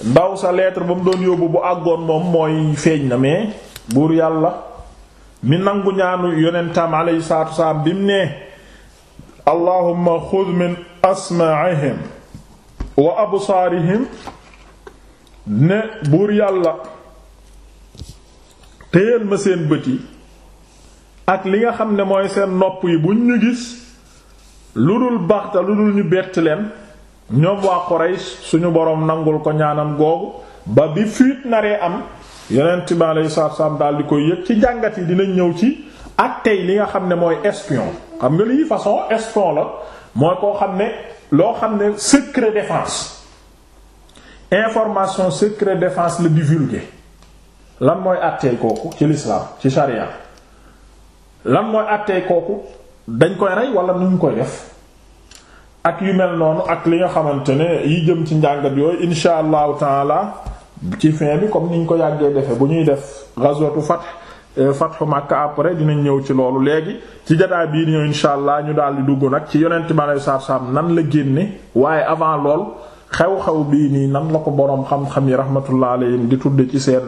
ndaw sa lettre ba mu doon yóbbu bu àggoon moom mooy feeñ na mais buur yàlla mi nangu ñaanu yonentam alayhi salaatu wasalaam bi mu ne allahumma xud min asmaa'ihim wa absaarihim ne buur yàlla téyel ma seen bët yi ak li nga xam ne mooy seen nopp yi buñ ñu gis lu dul baxta lu dul ñu bett leen ñoom waa Quraysh suñu boroom nangul ko ñaanam googu ba bi fuite naree am yonent bi alayhi salaatu salaam daal di koy yëg ci jàngat yi dinañ ñëw ci ak li nga xam ne mooy espion xam nga lii façon espion la mooy koo xam ne loo xam ne secret défense information secret défense la divulguer lan mooy àttee kooku ci lislaam ci sharia lan mooy àttee kooku dañ koy rey wala nu ñu koy def ak yu mel noonu ak li nga xamante ne yi jëm ci njàngat yooyu insha allahu taala ci fin bi comme niñ ko yàggee defe bu ñuy def fat fat euh, fathu Makka après dinañ ñëw ci loolu léegi ci jotaay bii ñëw insha allah ñu daal di dugg nag ci yonent bi aleyhi salaatu nan la génne waaye avant lool xew-xew bii nii nan la ko boroom xam-xam yi rahmatullah alayhim di tudde ci seen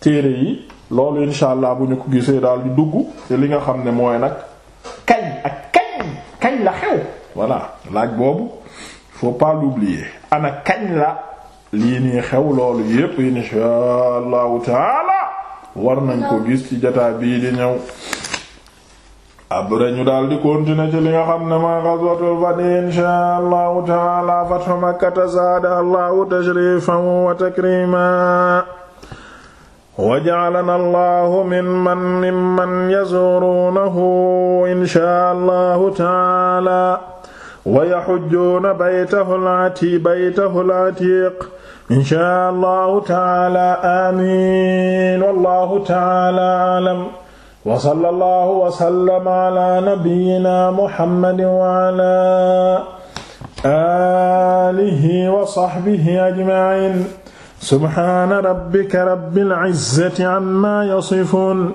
téere yi loolu insha allah bu ñu ko gisee daal di dugg te li nga xam ne mooy nag kañ ak kañ la voilà laaj boobu faut pas l'oublier ana kañ la lii nii xew loolu yépp insha allahu taala war nañ ko gis ci jataa bii di ñëw après ñu daal di continuer li nga xam ne ma ghazwatul Fat insha allahu taala fathu Makkata zaada allahu tashrifan wa takrima waj'alana mimman mimman yazurunahu insha allahu taala wa yaxujjuuna baytahu lati baytahu latiq inshaa allahu taala amin wallahu taala alam wa sallallahu wa sallama ala nabiyyina muhammadin wa ala alihi wa sahbihi ajma'in subhaana rabbika rabbil izzati amma yasifun